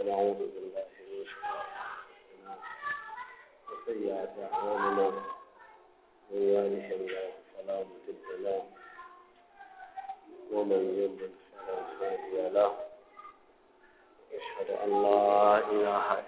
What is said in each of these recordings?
ونعوذ بالله من شرور انفسنا وسيئات اعمالنا من يهده الله فلا مضل له ومن يضلل فلا هادي له اشهد ان لا اله الا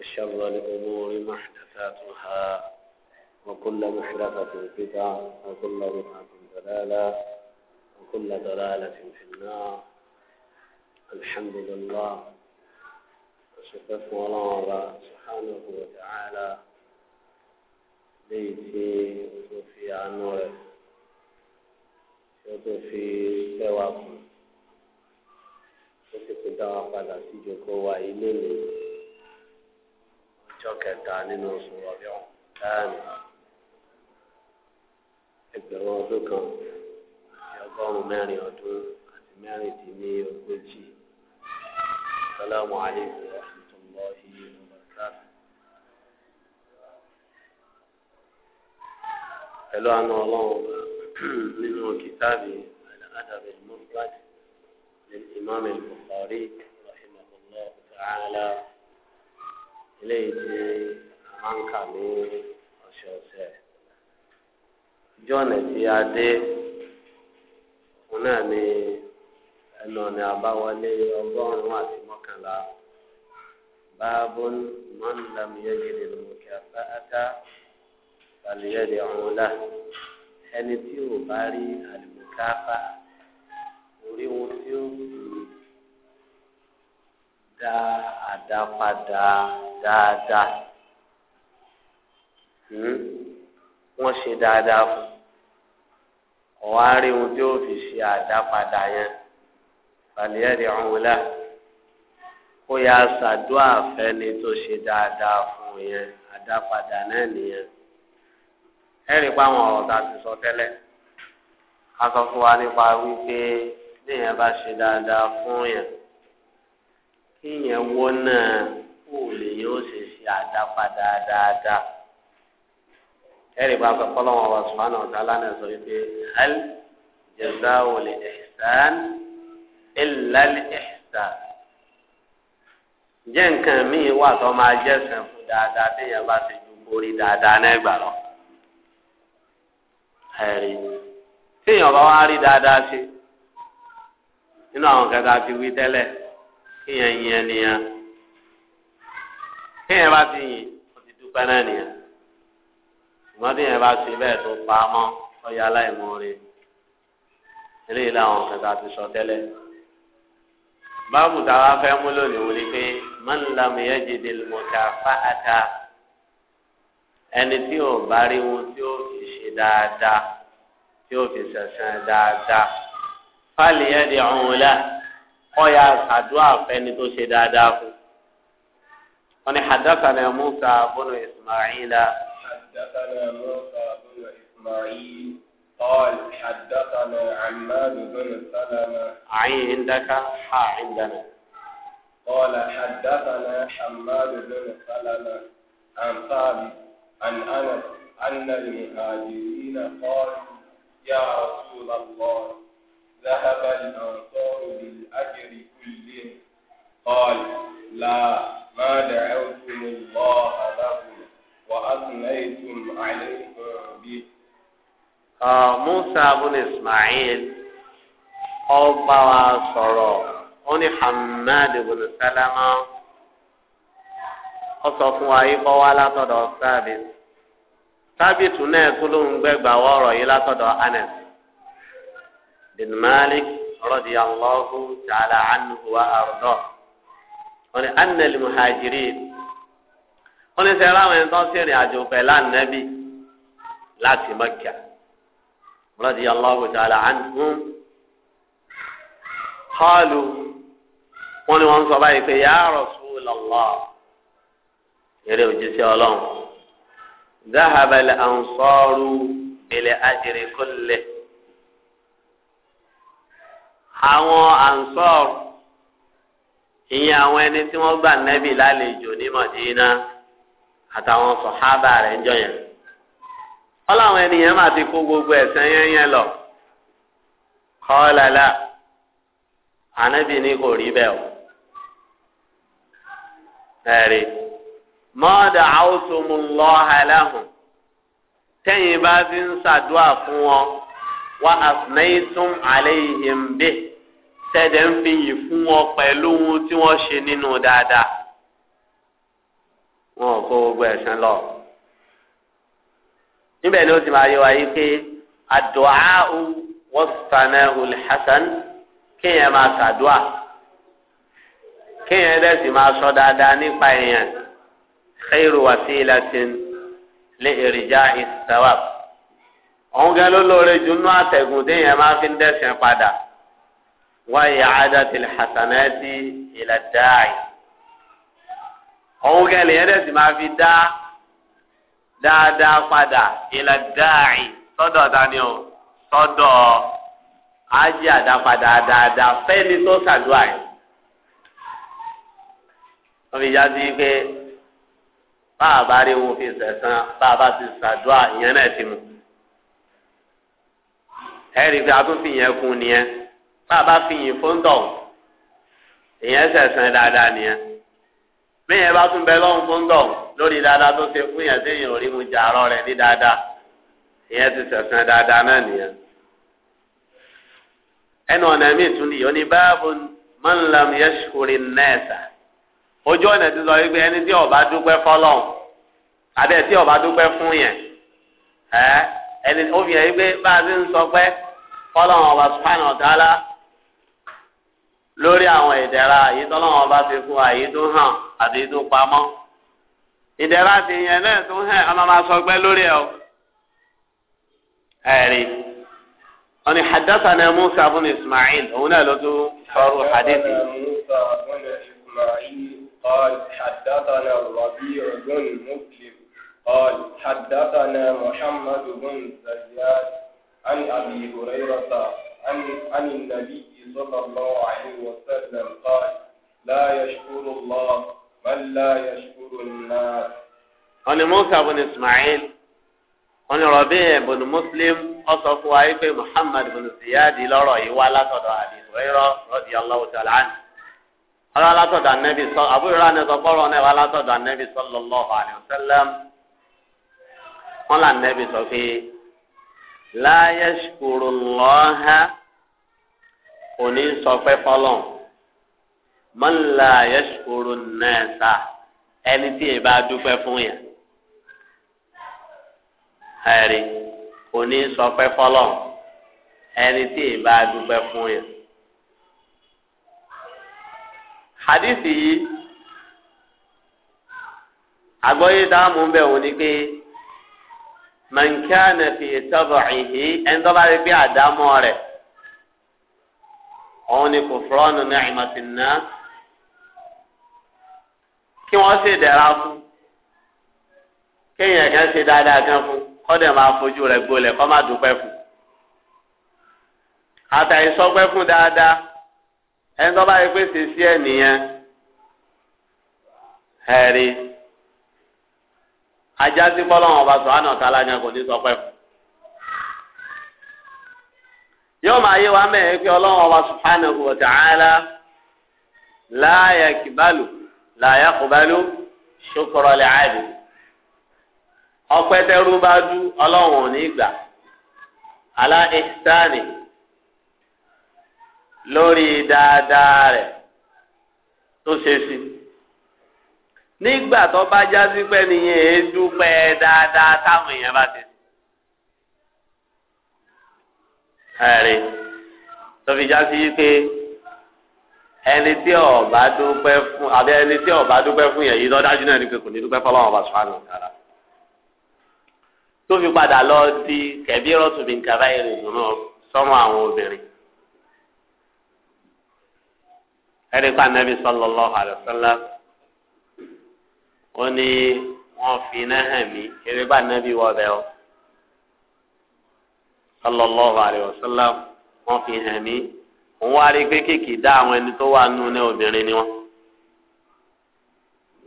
وشر الأمور محدثاتها وكل محدثة بدعة وكل بدعة ضلالة وكل ضلالة في النار الحمد لله وشكرت الله سبحانه وتعالى بيتي وفي عنوره وفي سواكم وفي دعا قد أسيجك وإليه ọjọ́ kẹta nínú oṣù ọ̀rẹ́ ọ̀hún ẹgbẹ̀rún ọdún kan àti ọgọ́rùn-ún mẹ́rin ọdún àti mẹ́rin dín ní ogójì sálámù aláìkùm wa rahmatullahi wa barakatuh. pẹ̀lú àánú ọlọ́run nínú kìtàbí al-adab al-mufrad lil-imam rahimahullah ta'ala eléyìí tí máa ń kà ní ọ̀sẹ̀ọ̀sẹ̀ ìjọ ọ̀nà tí a dé òun náà ni ẹnu ọ̀nà àbáwọlé ọgọ́rùn-ún àti mọ́kànlá báàbò mọ́nlámiyẹ́gẹ́dẹ́ lòmùkẹ́ afẹ́átá balùwẹ̀dẹ̀ ọ̀húnlá ẹni tí ò bá rí àlùmùkáfà orí wọn tí ó kú dá àdápadà dáadáa hmm? wọ́n ṣe dáadáa fún ọ̀wá rí ohun tí ó fi ṣe àdápadà yẹn fàlẹ́rì ọ̀húnlá kó yá ṣàdúrà fẹ́ni tó ṣe dáadáa fún yẹn àdápadà náà nìyẹn ẹ̀rí pa àwọn ọ̀rọ̀ tá a ti sọ tẹ́lẹ̀ a sọ fún wa nípa wípé bí èèyàn bá ṣe dáadáa fún yẹn kéèyàn wọ́nà kó o lè yóò ṣe ṣe àdápadà dáadáa. ẹ̀rì bá fẹ́ kọ́lọ́wọ́n wa sùnmọ́nà ọ̀tá lánàá sọ wípé hal jazaahu li ihsan illa li ihsan. jẹ́ nǹkan míì wà tó máa jẹ́ sẹ́n fún dáadáa téèyàn bá ti ju borí dáadáa náà gbà lọ. ẹ̀rì téèyàn bá wá rí dáadáa ṣe nínú àwọn kẹta ti wí tẹ́lẹ̀ kéèyàn yẹn nìyẹn kéèyàn bá ti yìn ó ti dúpẹ́ náà nìyẹn ṣùgbọ́n tí yẹn bá ṣe bẹ́ẹ̀ tó pa á mọ́ ọ̀yà aláìmoore eléyìí làwọn kẹta ti sọ tẹ́lẹ̀ báàbù táwa fẹ́ mú lónìí wọlé pé man lam yajidil mukafa'ata ẹni tí ò bá rí wọn tí ó fi ṣe dáadáa tí ó fi ṣẹ̀ṣẹ̀ dáadáa fal yad'u la wọ́n yà àdúrà fẹ́ni tó ṣe dáadáa fún. wọ́n ní hadathana Musa bunu Ismaila. hadathana Musa bunu Ismail. قال حدثنا عماد بن سلمة عين عندك حا عندنا قال حدثنا حماد بن سلمة عن ثابت عن أنس أن المهاجرين قالوا يا رسول الله ذهب الأنصار بالأجر كله قال لا ما دعوتم الله لكم وأثنيتم عليكم به موسى بن إسماعيل ọba wa sọ̀rọ̀ ó ní hamad ibùdó sálámà ó sọ fún wa yìí kọ́ wá látọ̀dọ̀ sábìt sábìt náà tó ló ń gbẹ́gbà wọ́ọ̀rọ̀ yìí látọ̀dọ̀ anes bin Malik radiyallahu ta'ala anhu wa arda wọn ni anali muhajirin wọn ni sẹ́yìn láwọn ẹni tó ń sìnrìn àjò pẹ̀lú ànábì láti Mẹ́kà radiyallahu ta'ala anhum qalu wọn ni wọn sọ báyìí pé ya Rasulullah eré òjíṣẹ́ ọlọ́run dáhàbẹ̀lẹ̀ ansọ́rù bẹ̀lẹ̀ àjèrè kọ́lẹ̀ àwọn ansor ìyẹn àwọn ẹni tí wọ́n gbà nẹ́bì lálejò ní Mọ̀dínà àtàwọn sọ̀hábà rẹ̀ ń jọ yẹn wọ́n ènìyàn máa ti kó gbogbo ẹ̀sẹ̀ yẹn yẹn lọ kọ́ọ̀lẹ́lá ànábì ní kò rí bẹ́ẹ̀ o ẹ̀rí mọ́ọ̀dà àwòsùnmùlọ́hà lẹ́hùn tẹ́yìn bá fi ń ṣàdúrà fún wọn wá àfúnẹ́yìn tún àlẹ́ yìí ń bẹ́ẹ̀. tẹ́lẹ̀ ń fi yìn fún wọn pẹ̀lú ohun tí wọ́n ṣe nínú dáadáa wọn ò kó gbogbo ẹ̀sán lọ. níbẹ̀ ni ó ti máa yẹ wáyé pé àdùá wọ́n sànà olùhásán kéèyàn máa ṣàdúà kéèyàn dẹ̀ sì máa sọ dáadáa nípa èèyàn khairu wasilatin li irja'i thawab. òun gan ló lóore jù àtẹ̀gùn téèyàn máa fi ń dẹ̀sìn padà. وإعادة الحسنات إلى الداعي òun kẹlẹ̀ yẹn dẹ̀sì máa fi dá dáadáa padà ìlà dáàì sọ́dọ̀ dání o sọ́dọ̀ ájì àdápadà dáadáa fẹ́ni tó ṣàdúrà yìí. wọ́n fi já sí pé báàbá rí wọn fi sẹ̀sán báàbá ti ṣàdúrà ìyẹn náà ti mú. ẹ̀rí pé a tún fi yẹn kún nìyẹn bàbá fi yìn fún tọ̀ èèyàn sẹ̀sẹ̀ dáadáa nìyẹn bíyẹn bá tún bẹ lọ́hùn fún tọ̀ lórí dáadáa tó ṣe fún yẹn téèyàn rí mu jà àárọ̀ rẹ̀ ní dáadáa èèyàn ti sẹ̀sẹ̀ dáadáa náà nìyẹn. ẹnu ọ̀nà míì tún nìyẹn ní báàbò mọ́nlẹ́m yẹ́sùkúrì nẹ́ẹ̀sà ojú ọ̀nà ti sọ wípé ẹni tí ó dúpẹ́ fọlọ́hùn àbí tí ó dúpẹ́ fún yẹn ẹ̀ ẹni ó fi hàn wípé bá a ti ń sọ pé fọlọ́hùn ọba sùpáìnà ọ̀tá lórí àwọn ìdẹ̀ra èyí tó lọ́wọ́ bá ti fún àyè tó hàn àti èyí tó pamọ́ ìdẹ̀ra ti yẹn náà tó hàn a máa ma sọ pé lórí ẹ̀ o ẹ̀rí wọn ni ni musa bin ismail òun náà ló tún sọ̀rọ̀ hadithi. قال حدثنا الربيع بن مسلم قال حدثنا محمد بن زياد عن ابي هريره عن عن النبي صلى الله عليه وسلم قال لا يشكر الله من لا يشكر الناس أنا موسى بن إسماعيل أنا ربيع بن مسلم أصف وعيف محمد بن زياد إلى رأي ولا تدع أبي هريرة رضي الله تعالى عنه أنا لا تدع النبي صلى أبو هريرة تقول ولا تدع النبي صلى الله عليه وسلم ولا النبي صلى الله عليه وسلم. لا يشكر الله kò ní sọpẹ́ fọlọ́n man la yashkuru nasa ẹni tí ẹ bá dúpẹ́ fún yẹn ẹ̀rí kò ní sọpẹ́ fọlọ́n ẹni tí ẹ bá fún yẹn. hadithi yìí agbóyè dáàmú bẹ́ẹ̀ wò ni pé man kana fi tab'ihi ẹni tó bá rí pé àdámọ́ rẹ̀. òun ni kufranu ni'matin nas kí si ṣe dẹ̀ra fún kéèyàn kan ṣe dáadáa kan fún kọ́dẹ̀ máa fojú rẹ̀ gbolẹ̀ kọ́ má dúpẹ́ fún àtàyè sọpẹ́ fún dáadáa ẹni tó bá yẹ pé ṣe sí ẹ̀ nìyẹn ẹ̀rí ajá sí tá a lájà kò ní yóò ma yé wa mẹ́rin pé ọlọ́run ọba subhanahu wa ta'ala la yakbalu la yaqbalu bá dú ọlọ́run ò gbà lórí dáadáa rẹ̀ tó ṣe sí nígbà tó bá ẹ̀rí tọ́fi já sí wípé ẹni tí ọba dúpẹ́ fún àbí ẹni tí ọba dúpẹ́ fún yẹn yìí lọ́dájú náà ni pé kò ní dúpẹ́ fọlọ́run ọba sùhánù kára tó fi padà lọ di kẹ̀bí rọ́tùbí nkàrà ìrìn ìrùnà sọ́mọ àwọn obìnrin ẹni pa nẹ́bí sallallahu alaihi wasallam ó ní wọ́n fi náà hàn mí ẹni pa nẹ́bí wọ́ o. sallallahu alayhi wa fi hàn òun wá rí pé dá àwọn ẹni tó wà nù ní obìnrin ni wọn.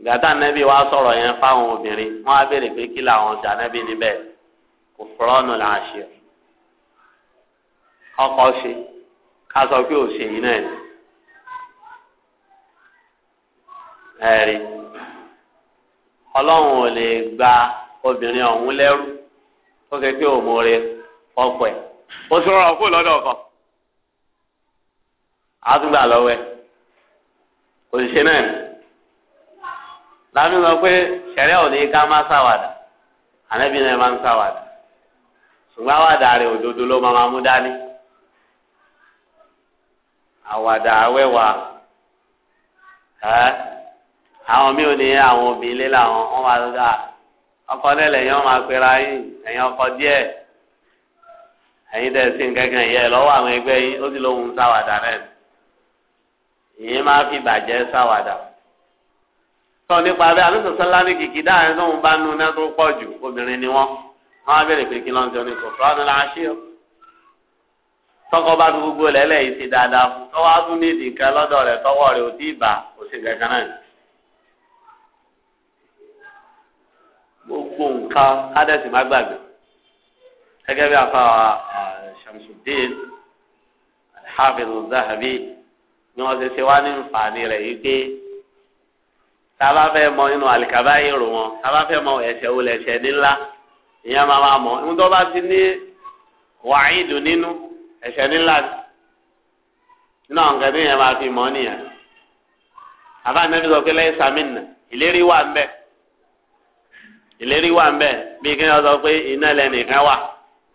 gàtà wa sọ̀rọ̀ yẹn fáwọn obìnrin wọ́n á béèrè pé kí làwọn ọjà kò nù là á ṣe ṣe ká sọ pé ò ṣe yìí náà ni ẹ̀rí ọlọ́run ò lè gba obìnrin ọ̀hún lẹ́rú tó ọ̀pẹ o ṣe náà ni láàmì sọ pé ṣẹ̀rẹ́ ò ní ká má ṣàwàdà ànábì náà má ń ṣàwàdà ṣùgbọ́n àwàdà rẹ̀ òdodo ló máa mú àwọn mí ò ní àwọn obìnrin lé làwọn wọn máa ọkọ nílẹ̀ wọn máa pera ẹ̀yin tẹ̀ sí nǹkankan yẹ lọ́wọ́ àwọn ẹgbẹ́ yín ó sì lóhun sáwàdà náà ìyẹn máa fi bàjẹ́ sáwàdà sọ nípa bẹ́ẹ̀ àlùsọ sọlá ní kìkì dáhùn tóun bá nu náà tó pọ̀ jù obìnrin ni wọ́n wọ́n á bẹ̀rẹ̀ pé kí lọ́n ti ní kò fúlọ́ọ̀nù láṣẹ ọ́ tọkọ bá fi gbogbo lẹ́lẹ̀ yìí ti dáadáa fún tọ́wọ́ tún ní ìdí lọ́dọ̀ rẹ̀ tọwọ́ rẹ̀ ò tí ì bà ó sì kankan náà. gbogbo nǹkan kádẹ́sì má gbàgbé gẹ́gẹ́ bí afáwa Shamsuddin الدين، hafiz الذهبي، ni wọ́n ti ṣe wá ní nfààní rẹ̀ yìí pé tába fẹ́ mọ inú àlìkàbá yìí rò wọn tába fẹ́ mọ ẹ̀ṣẹ̀ wo lẹ̀ṣẹ̀ nílá ìyẹn máa máa mọ̀ nítorí bá ti ní wàhídù nínú ẹ̀ṣẹ̀ nílá nínú àwọn nǹkan tí ìyẹn máa fi mọ̀ nìyẹn àbá nẹ́bí sọ pé lẹ́yìn sàmìnà ìlérí wà ń bẹ ìlérí wà ń bẹ bí kí wọ́n sọ pé iná lẹ́nìkan wà.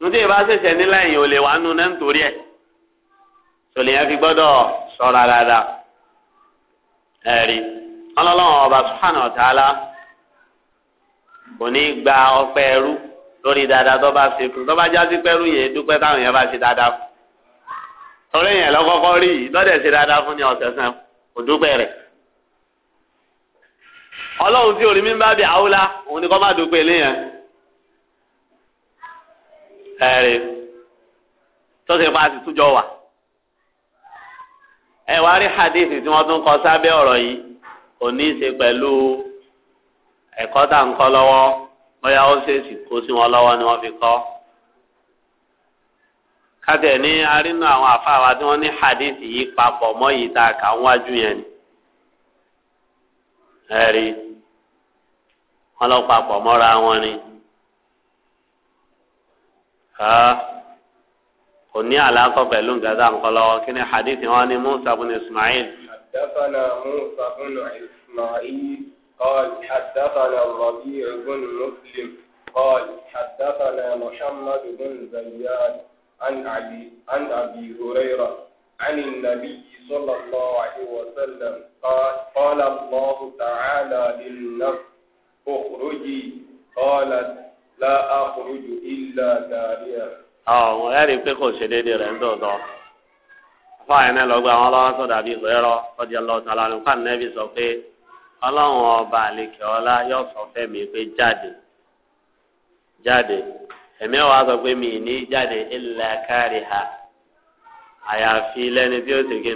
nítorí ìbá ṣẹ̀ṣẹ̀ nílá èèyàn ò lè wà nù náà nítorí ẹ̀ sọlẹ̀ yẹn fi gbọ́dọ̀ ṣọ́ra dáadáa ẹ̀rí ọlọ́lọ́run ọba subhanahu wa ta'ala kò ní gba ọpẹ́ ẹrú lórí dáadáa tó bá ṣe fún tó bá jásí pẹ́rú yẹn dúpẹ́ táwọn yẹn bá ṣe dáadáa fún torí yẹn lọ́kọ́kọ́ rí yìí lọ́dẹ̀ ṣe dáadáa fún ni ọ̀sẹ̀ kò dúpẹ́ rẹ̀ ọlọ́run tí orí mi bá bí àwòlá òun ni kọ́ má dúpẹ́ lé yẹn. ẹ̀rẹ̀ tọ́sí pa àti túnjọ wà. ẹ wá rí tí wọ́n tún kọ sábẹ́ ọ̀rọ̀ yìí kò ní í ṣe pẹ̀lú ẹ̀kọ́ tá ń kọ́ lọ́wọ́ bóyá ó kó sí wọn lọ́wọ́ ni wọ́n fi kọ́. kátẹ̀ ní arínú àwọn àfáàwá tí ni. kò ní àlàkọ pẹ̀lú nǹkan tá à ń kọ́ lọ́wọ́ kí ni hadith wọn ni musa bin ismail. حدثنا موسى بن إسماعيل قال حدثنا الربيع بن مسلم قال حدثنا محمد بن زياد عن أبي عن أبي هريرة عن النبي صلى الله عليه وسلم قال قال الله تعالى للنفس اخرجي قالت la àkùrùjù ìlà dàríà. ọ̀ ẹ́ rí i pé kò ṣe déédéé rẹ̀ ń tòótọ́ fáyìn náà lọ́gbà àwọn ọlọ́wọ́ sọ̀dọ̀ àbí ìgbéró ọjà lọ́ọ̀tà lánàá fáwọn nẹ́bí sọ pé sọ pé jáde jáde ẹ̀mí ọ̀ sọ pé mi jáde ilẹ̀ ha àyàfi tí ó sì kí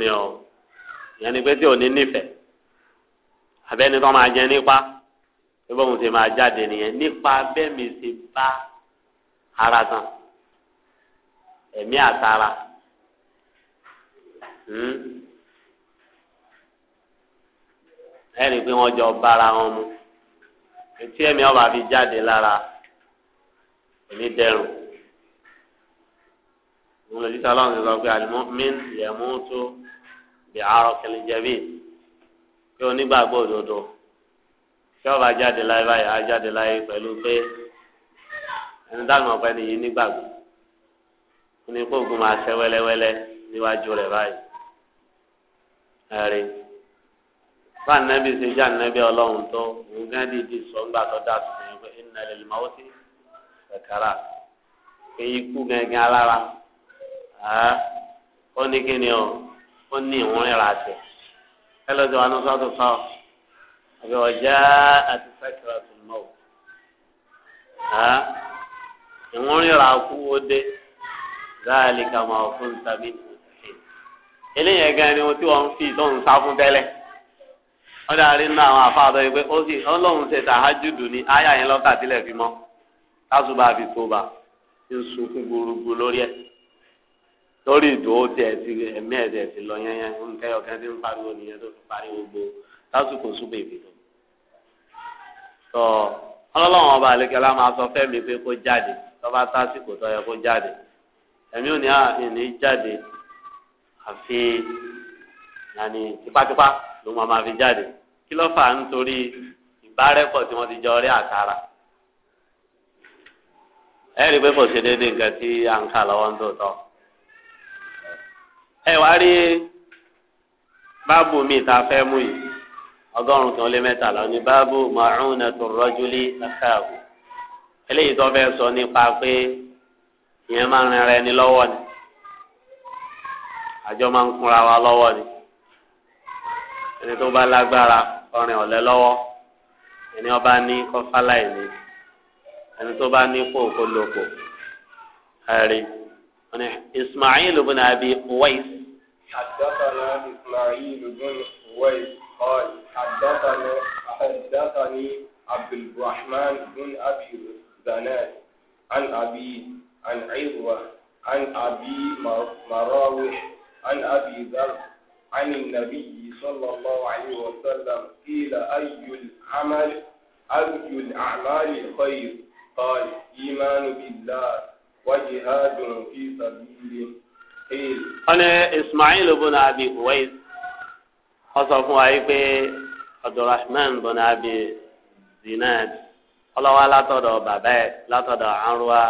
ni ni pé tí ò ní nífẹ̀ẹ́ tó máa jẹ nípa. bí bọ́ọ̀mù ṣe máa jáde nìyẹn nípa bẹ́ẹ̀ mi ṣe bá ara tán ẹ̀mí àtara hmm. ẹ̀rí pé wọ́n jọ bára wọn mu etí ẹ̀mí ọba fi jáde lára ẹ̀mí dẹrùn wọn lè dísà lọ́wọ́n nígbà pé alimọ́mìn yẹ̀mú tó bí arọ́kẹ́lẹ́jẹ́bí pé onígbàgbọ́ òdodo tí ọba jáde láyé báyìí á jáde láyé pẹ̀lú pé ẹni dáhùn ọ̀pẹ nìyí nígbàgbọ́ ní kó oògùn máa ṣẹ́ wẹ́lẹ́wẹ́lẹ́ níwájú rẹ̀ báyìí ẹ̀rí bá nẹ́bí ṣe já nẹ́bí ọlọ́run tó òun gán dìídì sọ ńgbà tó dá tuntun yẹn pé iná lè lè máa ó sí kàkàrà pé ikú gẹ́gẹ́ alára ó ní kíni o ó ní ìwúrin ra tẹ̀ ẹ lọ́jọ́ wa ní sọ́tún sọ́ọ́ àbí ọjà àti sakaratul maut ìwọ́n ríra kú ó dé záàlì kàmá fún tàbí eléyìí gan ni wọn tí wọn fi tó ń sá fún tẹ́lẹ̀ wọn dàrí nínú àwọn àfáàdọ yìí pé ó sì Ọlọ́run ṣe tàhájùdù ni áyà yẹn lọkàtílẹ fi mọ kásùbà fi tó bá ti ń sunkún gbúrúgbú lórí ẹ lórí ìdòwò tí ẹ ti ẹmí ẹ ti lọ yẹn yẹn nǹkan ẹyọkẹ ti ń pariwo nìyẹn tó fi pariwo gbó lásìkò súnmọ́ ìbí tó ọlọ́wọ́n ọba àlekẹ́lá máa sọ fẹ́mi pé kó jáde tọ́ba tásìkò tó yẹ kó jáde ẹ̀mí ò ní àní jáde àfi àní tipátipá ló máa máa fi jáde kí ló fà á nítorí ìbárẹ́pọ̀ tí wọ́n ti jọ rí àkàrà ẹ rí i pé kò ṣe déédéé nǹkan tí à ń kà lọ́wọ́ ń tòótọ́ ẹ wá rí báàbù mi ta fẹ́ mú yìí ọgọ́rùn kan lé mẹ́tàlá ní báàbù ma'unatu rajuli akhahu eléyìí tó fẹ́ sọ nípa pé ìyẹn máa ń rẹ ni lọ́wọ́ ni àjọ máa ń kúnra wa lọ́wọ́ ni ẹni tó bá lágbára ọrìn ọ̀lẹ́ lọ́wọ́ ẹni ọba ní kọfálà ìní ẹni tó bá ní kókólókò ẹ̀rí ọ̀nà Ismail ibn Abi Uwais. حدثنا إسماعيل بن أويس قال حدثنا حدثني عبد الرحمن بن أبي زناد عن أبي عن عروة عن أبي مراوح عن أبي ذر عن النبي صلى الله عليه وسلم قيل أي العمل أي الأعمال خير قال إيمان بالله وجهاد في سبيله قيل أنا إسماعيل بن أبي هويس ọsọ fún wa yìí pé abdulrahman bin abi zinad ọlọ́wà látọ̀dọ̀ bàbá ẹ̀ látọ̀dọ̀ anruwa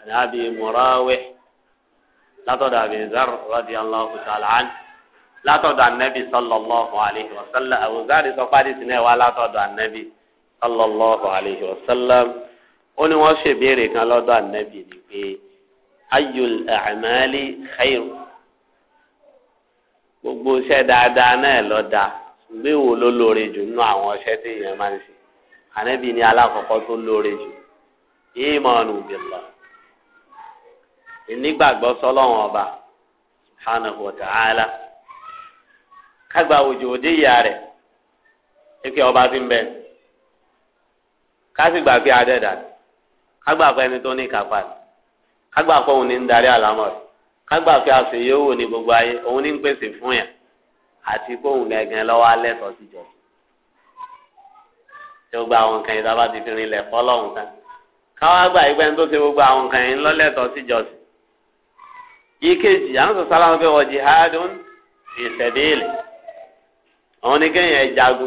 bin abi murawih látọ̀dọ̀ abi zar radiyallahu ta'ala anhu látọ̀dọ̀ anabi sallallahu alayhi wa sallam abuzari sọ pàdé sinú ẹ̀ wá látọ̀dọ̀ anabi sallallahu alayhi wa sallam ó ní wọ́n ṣèbéèrè kan lọ́dọ̀ anabi ni pé ayul a'mali khayr gbogbo iṣẹ́ dáadáa náà lọ da ṣùgbọ́n èwo ló lóore jù nínú àwọn iṣẹ́ tí èèyàn máa ń ṣe ànábì ní alákọ̀ọ́kọ́ tó lóore jù ìmọ̀ọ́nù billah ìnígbàgbọ́ sọlọ́wọ́n ọba subhanahu wa ta'ala kágbà òjò òdì ìyá rẹ̀ ike ọba ti ń bẹ kásìgbà pé adẹ́dà kágbà pé ẹni tó ní kápá kágbà pé òun ní ń darí àlámọ̀ rẹ̀. kágbà pé àṣeyẹwò ní gbogbo ayé òun ní ń pèsè fún yẹn àti kóhùn gẹ́gẹ́ lọ́wọ́ jọ tí ó gba àwọn nǹkan yìí dábàá ti fi rinlẹ̀ fọlọ́hún kan káwá gbà ìgbẹ́ tó ṣe gbogbo àwọn nǹkan yìí tó ti jọ sí. ìkejì àwọn sọ pé wọ́n jihadun òun ní kéèyàn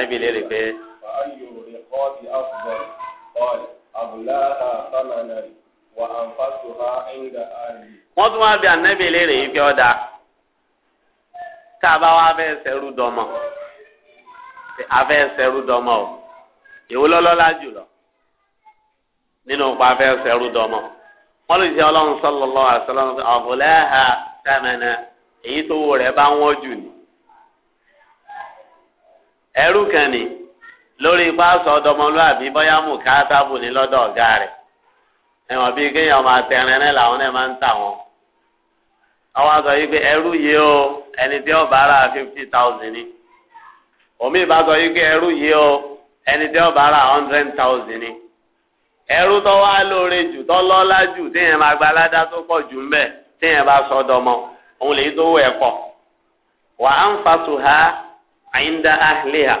ni tún wá bí àbùláhà sámánà wà ànfàṣùhà ẹ̀ńdà àlè. wọ́n tún wá bí ànábì léèrè yìí fi ọ̀dà tá a bá wá fẹ́ sẹ́rú dọ́mọ a fẹ́ sẹ́rú dọ́mọ o èwo lọ́lọ́lá jùlọ nínú pa a fẹ́ sẹ́rú dọ́mọ wọ́n lè ṣe ọlọ́run sallallahu alaihi wasallam àbùláhà èyí tó wọ rẹ̀ bá wọ́n jù ní ẹrú kan ni. lórí ipá sọ ọdọmọlúàbí bóyá mú káátábù ní lọ́dọ̀ ọ̀gá rẹ ẹ̀wọ̀n bíi kéèyàn máa tẹrin rẹ̀ làwọn náà máa ń tà wọn àwọn sọ yìí pé ẹrú yìí o ẹni tí ó bára fifty thousand ni omi bá o ẹni tí ó hundred thousand ni ẹrú tó wá lóore jù gba aládá tó pọ̀ jù téèyàn bá sọ dọmọ òun lè tó wọ ẹ̀kọ́ wà á ń fa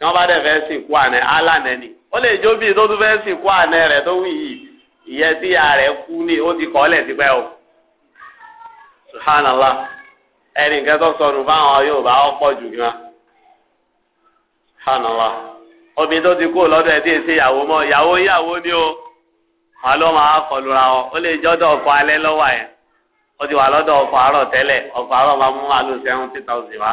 n'ọba wọ́n bá dẹ̀ fẹ́ sìnkú àná alànà ni ó lè jó bíi tó tún fẹ́ àná rẹ̀ tó wù yìí ìyẹn tí ìyá rẹ̀ kú ni ó ti kọ́ lẹ̀ tipẹ́ o subhanallah ẹnì kan tó sọnù fáwọn Yorùbá ọ̀pọ̀ jù tó ti kú lọ́dọ̀ ẹ̀ tí èsì ìyàwó mọ́ ìyàwó ìyàwó ni o wọn ló máa kọlu ra wọn ó lè ọkọ̀ alẹ́ lọ́wọ́ ó ti wà lọ́dọ̀ ọkọ̀ àárọ̀ tẹ́lẹ̀ ọkọ̀ àárọ̀ máa mú wa.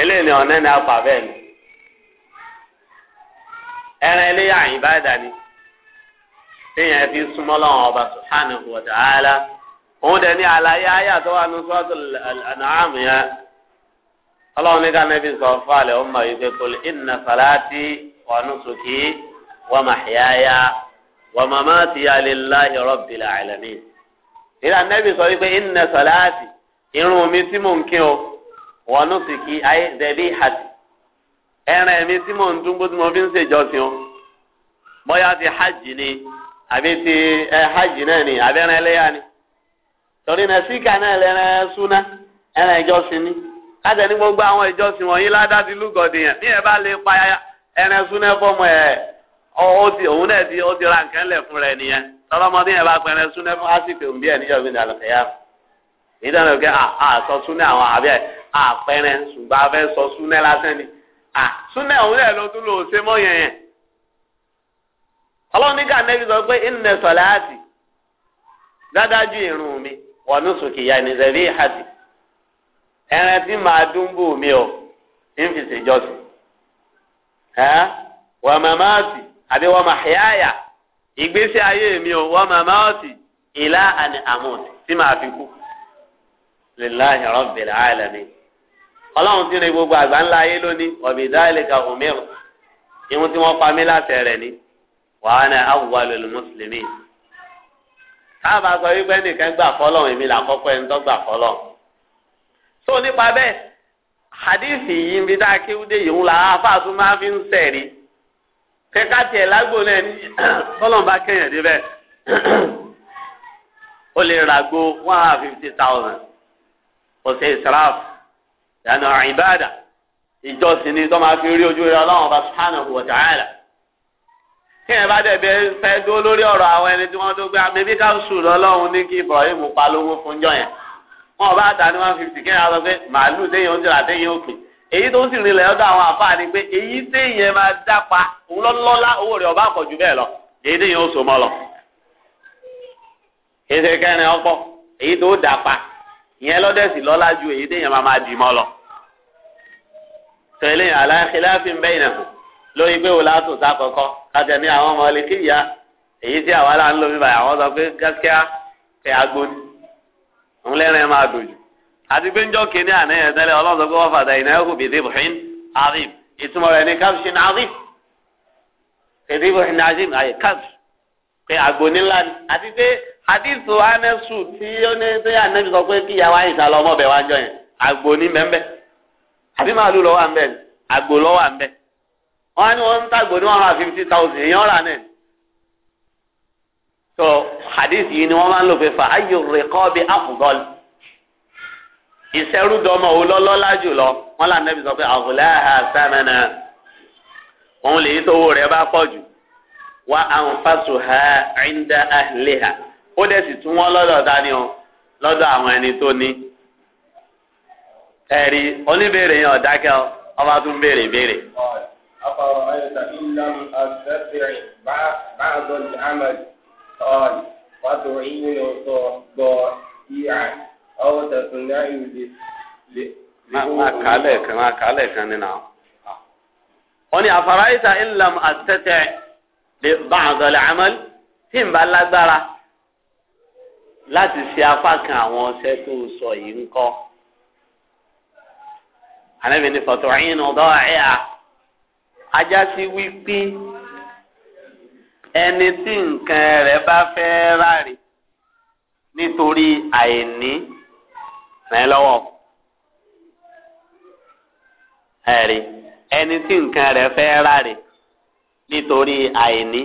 eléyìí ni ọ̀nà ni apà bẹ́ẹ̀ ni ẹran eléyà ìbáàdà ni téèyàn fi súnmọ́ lọ́wọ́ ọba subhanahu wa ta'ala òun dẹ̀ ní àlàyé ayé àtọ́wà ní suratul an'am yẹn ọlọ́run ní káná fi sọ fún àlẹ́ ọmọ inna salati wa nusuki wa mahyaya wa mamatiya lillahi rabbil alamin. ìlànà salati irun tí mò wọn ló kí ayé dẹbí hàtì ẹran mi tí mò ń dúró tí mo fi ń ṣèjọsìn o bóyá ti hajj ni àbí ti ẹ ni àbí ẹran ẹlẹ́yà ni torí náà síkà náà lẹ́ran ẹran ni kájà ní gbogbo àwọn ìjọsìn wọ̀nyí ládàá bí ẹ bá lè pa ẹran fọmọ ẹ òun náà ti ó ti ra nǹkan lẹ̀ fún rẹ nìyẹn tọ́lọ́mọdé yẹn bá ẹran fún ẹ̀ níjọ́ àpẹẹrẹ ṣùgbọ́n a fẹ́ sọ súnẹ́ lásán ni à súnẹ́ òun rẹ̀ ló tún lò ó ṣe mọ́ yẹn yẹn. ọlọ́run nígbà nẹ́bí sọ pé ìnìyẹ sọ̀lẹ́ àti dádájú irun mi wọ́n ní sùn kìyà ní àti ẹran tí màá dún bò mí o ń fi ṣèjọsìn. wọ́n màmá ọ̀tì àbí wọ́n màá yáyà ìgbésí ayé mi o wọ́n màmá ọ̀tì ìlà àni àmọ̀ tí màá fi kú. lillahi rabbil alamin ọlọ́run ti rìn gbogbo àgbà ńlá ayé lónìí ọ̀bìdá ìlẹ̀ka omeru irun tí wọ́n pa mí láti rẹ̀ ni wàá ní awwalul muslimin. káàbà sọ wípé nìkan gbà fọlọ́run èmi là kọ́kọ́ ẹni tó gbà fọlọ́run. tó nípa bẹ́ẹ̀ hadith yìí ń bi dá kéwúdé yìí ń la afáàtún máa fi ń sẹ̀rí. kẹ́kà tiẹ̀ lágbo náà ní fọlọ́run bá kẹ́yìn dé bẹ́ẹ̀. ó lè ràgó one hundred fifty thousand. kò sí ìsirafu ìyànà ìbáàdà ìjọsìn ni tó máa fi rí ojú rẹ ọlọ́run ọba subhanahu wa ta'ala kí ẹ bá dẹ̀ bẹ fẹ́ dúró lórí ọ̀rọ̀ àwọn ẹni tí wọ́n tó gbé àmì bí káwùsù lọ́lọ́run ní kí Ibrahim pa lówó fún jọ yẹn wọn bá ta ní one fifty kí ẹ sọ pé màálù téèyàn ń jìrà téèyàn òkè èyí tó ń sì rinlẹ̀ ọ̀dọ̀ àwọn àfáà ni pé èyí téèyàn máa dápa ńlọ́lọ́lá owó rẹ̀ ọba àpọ̀jù bẹ́ẹ̀ lọ tẹ̀lé aláìkíláàfin bẹ́ẹ̀ nà lórí pé wòlá tún sá kọ̀kọ́ kájà ní àwọn ọmọ ilé kíyà èyí tí àwa là ń lo bíbáyà àwọn sọ pé gáskíá ẹ̀ agbóni òun lẹ́rìn ẹ̀ máa dòjò àti pé njọ́ kìíní àná ẹ̀ tẹ́lẹ̀ ọlọ́run sọ pé wọ́n fàtà ìnáyà kò bìdí bùhín azim ìtumọ̀ rẹ̀ ní kápsìn azim bìdí bùhín azim àyè káps pé agbóni ńlá ni àti pé àdìsù anẹ́sù tí ó ní tó yà nẹ́bi sọ pé kíyà wáyé àbí màálù lọ́wọ́ à ń bẹ̀ àgbò lọ́wọ́ à ń bẹ̀ wọ́n á ní wọ́n ń tàgbò ní one hundred fifty thousand èèyàn rà náà tó hadith yìí ni wọ́n máa ń lò pé fa ayò rẹ̀kọ́ bí àkùgọ́lù ìṣẹ́rúdọ́mọ̀ olólọ́lá jùlọ wọ́n là nẹ́bi sọ pé àwòláhà sámẹ́nà òun lè tówó rẹ̀ bá pọ̀ jù wá àǹfàṣù ha ẹ̀ńdà àhìlẹ́hà ó dẹ̀ sì tún wọ́n lọ́dọ̀ dání o lọ́dọ̀ àwọn ẹni tó ní. ẹ̀rí oníbèrè yẹn ọ̀dákẹ́ ọ ọba tún béèrè béèrè. afọwọ́ ayọ̀tà ilẹ̀ ọ̀sẹ̀fẹ̀rẹ̀ bá a dọ̀ ní ọ̀n wàtò ìyẹn ní ọ̀sọ̀ gbọ́ ìyá ọwọ́ tẹ̀sán náà Ma lè. máa kà á lẹ́ẹ̀kan máa kà á nínú àwọn. wọ́n ní bá a tí n àlẹ́bí ni fọ̀tò ẹ̀yìn ọ̀dọ́ ẹ̀yà ajá sí wípé ẹni tí nǹkan rẹ̀ bá fẹ́ ráre nítorí àìní rẹ̀ lọ́wọ́ ẹ̀rí ẹni tí nǹkan rẹ̀ fẹ́ ráre nítorí àìní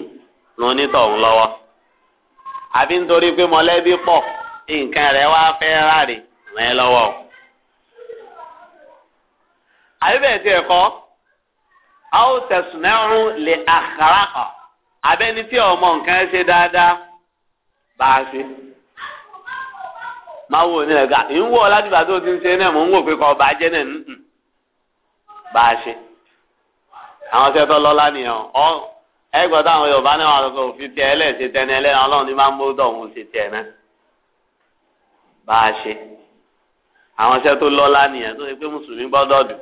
lónítọ̀hún lọ́wọ́ àbí nítorí pé mọ̀lẹ́bí pọ̀ nǹkan rẹ̀ wá fẹ́ ráre rẹ̀ lọ́wọ́ o àbí bẹ́ẹ̀ tiẹ̀ kọ́ àwọn tẹ̀sùmẹ́rún lè àkàràkọ̀ abẹ́ni tí ọmọ nǹkan ṣe dáadáa bá a ṣe. máa wò ní ẹ̀ka ń wọ̀ láti ìgbà tó ti ń ṣe náà mò ń wò pé kọ́ ọba jẹ́ náà nùn bá a ṣe. àwọn ṣe tó lọ́lá nìyẹn ọ ẹ gbọ́dọ̀ àwọn Yorùbá náà wà lọ́kọ̀ òfin tiẹ̀ ẹlẹ́sẹ̀ tẹni ẹlẹ́ran ọlọ́run ní máa ń bóódọ̀ òun ṣe tiẹ̀ náà bá a ṣe. àwọn ṣe tó lọ́lá nìyẹn tó ṣe pé mùsùlùmí gbọ́dọ̀ dùn.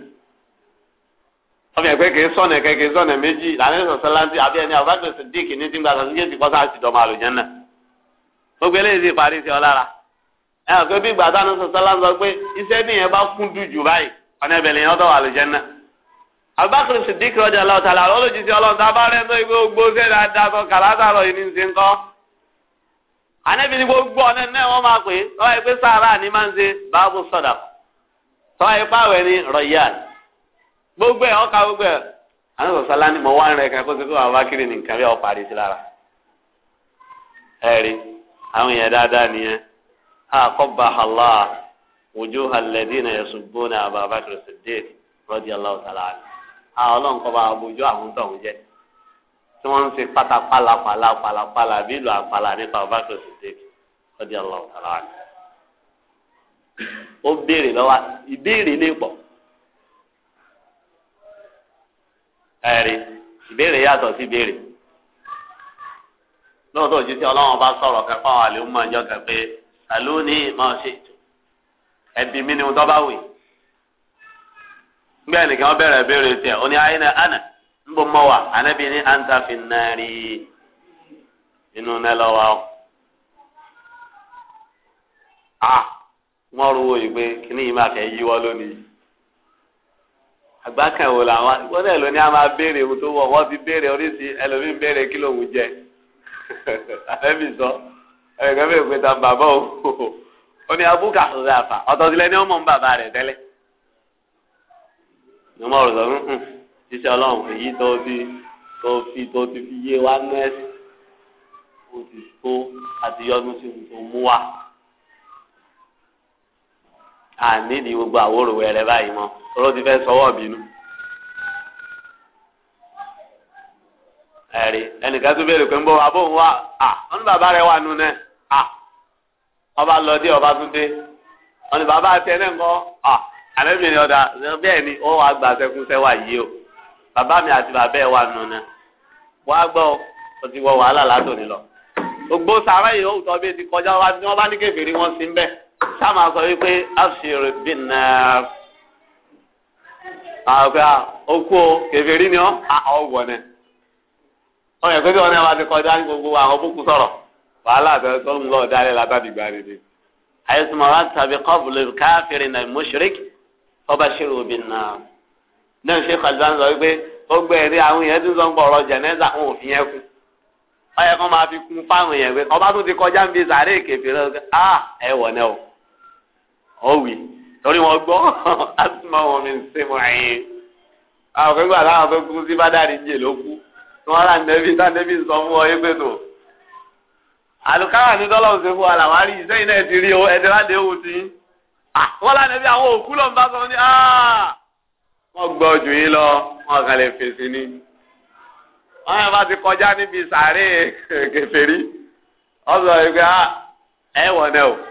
ọmọ ẹgbẹ́ kìí sọ̀nà kẹ́kẹ́ sọ̀nà méjì lànà sọ̀láńtì àbí ẹni àbákẹ́ sèdíkì ní tìǹgbà sàtúndéètì kọ́sà àti ìdọ̀mọ àlùyẹn náà gbogbo eléyìí sì parí sí ọ lára ẹ ọ̀ pé bí ìgbà táwọn sọ̀láńtì sọ pé iṣẹ́ bí yẹn bá kún dùn jù báyìí ọ̀nà ìbẹ̀lẹ̀ yẹn ọ̀dọ̀ àlùyẹn náà àbákẹ́ sèdíkì ọjà lọ́tàlá ọlọ́jìṣẹ́ ọlọ́run anabi ni gbogbo ọ̀nà náà wọ́n máa pè é tọ́wọ́ ẹ pé ni máa ń ṣe báàbù sọ̀dà tọ́wọ́ ẹ pààwẹ̀ gbogbo ẹ̀ ọkà gbogbo ẹ̀ àwọn sọ̀sọ́ lánì mọ̀ wá rẹ̀ kan kó sọ pé wàá nìkan bí Allah ojú àbàbà rọ́dí ni àwọn ọlọ́nkọ́ba àbújọ àwọn tọ̀hún jẹ́ ẹ̀rí ìbéèrè yàtọ̀ sí ìbéèrè lóòótọ́ òjíṣẹ́ ọlọ́run bá sọ̀rọ̀ sọrọ fáwọn àlèhùnmọ́ ìjọ kan pé àló ní ìmọ̀ ṣe ẹbí mi ni tó bá wì nígbà ẹnìkan wọn bẹ̀rẹ̀ ó ní ayé náà ń mọ́ ànábì ní àǹtà fi náà rí inú náà a ah, wọ́n rú wo yìí pé kíní yìí máa fẹ́ yíwọ́ àgbákan wo làwọn wọn náà lóní a máa béèrè ohun tó wọ wọn ti béèrè oríṣi ẹlòmíín béèrè kí lòun jẹ àfẹ́mi sọ ẹ̀gbẹ́ mi pé ta bàbá o ó ní abúkà ọ̀rẹ́ àfà ọ̀tọ̀sílẹ̀ ni ọmọ bàbá rẹ̀ tẹ́lẹ̀ ni ọmọ rẹ̀ sọ ń ṣiṣẹ́ ọlọ́run èyí tó fi tó fi tó ti fi yé wa nẹ́ẹ̀sì ó ti tó àti yọdún sí o tó mú wa àníìdí gbogbo àwòrò wẹrẹ báyìí mọ ọ̀rọ̀ ti fẹ́ sọwọ bínú. ẹ̀rí ẹnìkan tó béèrè pé ń bọ abóhùn wa à wọn ní bàbá rẹ wà nù náà à ọba lọ dé ọba tún dé wọn bàbá tiẹ̀ náà kọ à àlẹ́bìnrin ọ̀dà bẹ́ẹ̀ ni ó wàá gba sẹ́kúnṣẹ́ wà yìí o bàbá mi àti bàbá ẹ̀ wà nù náà wàá gbọ́ ọ ti wọ wàhálà látòní lọ gbogbo sàrẹ́ yìí ó tọ́ bí ti kọjá wa ni wọ́n bá ní kékeré wọn sí ń bẹ́ẹ̀ ká máa sọ wípé abshir bin nar àwọn ọ̀gá okú ah, o kèfèrí ni ọ́ ọ̀wọ̀ ni ọ̀yẹ̀ pé bí wọn náà wá ti kọjá ní gbogbo àwọn búkú sọ̀rọ̀ wàhálà tó tó ń lọ dálé látàdì gbà rèé àyẹ̀sùmọ̀ wa tàbí qabla al-kafirin al-mushrik fabashiru bin nar náà ṣe kàlùbá ń sọ wípé ó gbé ẹ̀rí àwọn èèyàn tí ń sọ ń gbọ̀rọ̀ jẹ̀nẹ́sà ń òfin yẹn kú ọ̀yẹ̀ kan máa fi kún fáwọn èèyàn pé ọba tó ti kọjá ń bi sàárè kèfèrí ah, ọ̀gá ọ̀wì torí wọn gbọ́ asúmọ́ wọn mi ń sè mọ́ ẹ̀yìn. àwọn akẹ́kọ̀ọ́ àláwọn tó kú sí bádàrí jè ló kú tí wọ́n rà nẹ́bí tá nẹ́bí sọ fún ọ yẹ́pẹ́ tó. àlùkáwà ní dọ́là òsè fún wa làwọn á rí ìsẹ́yìn náà ti rí o ẹ̀dẹ̀ láti ewu ti yín. wọ́n lá nẹ́bí àwọn òkú lọ́n bá sọ ní wọ́n gbọ́ jù yín lọ wọ́n kàn lè fèsì ni. wọ́n yẹn bá ti kọjá níbi sàárè kèfèrí ọ̀sọ̀ ìgbà ẹ̀wọ̀n náà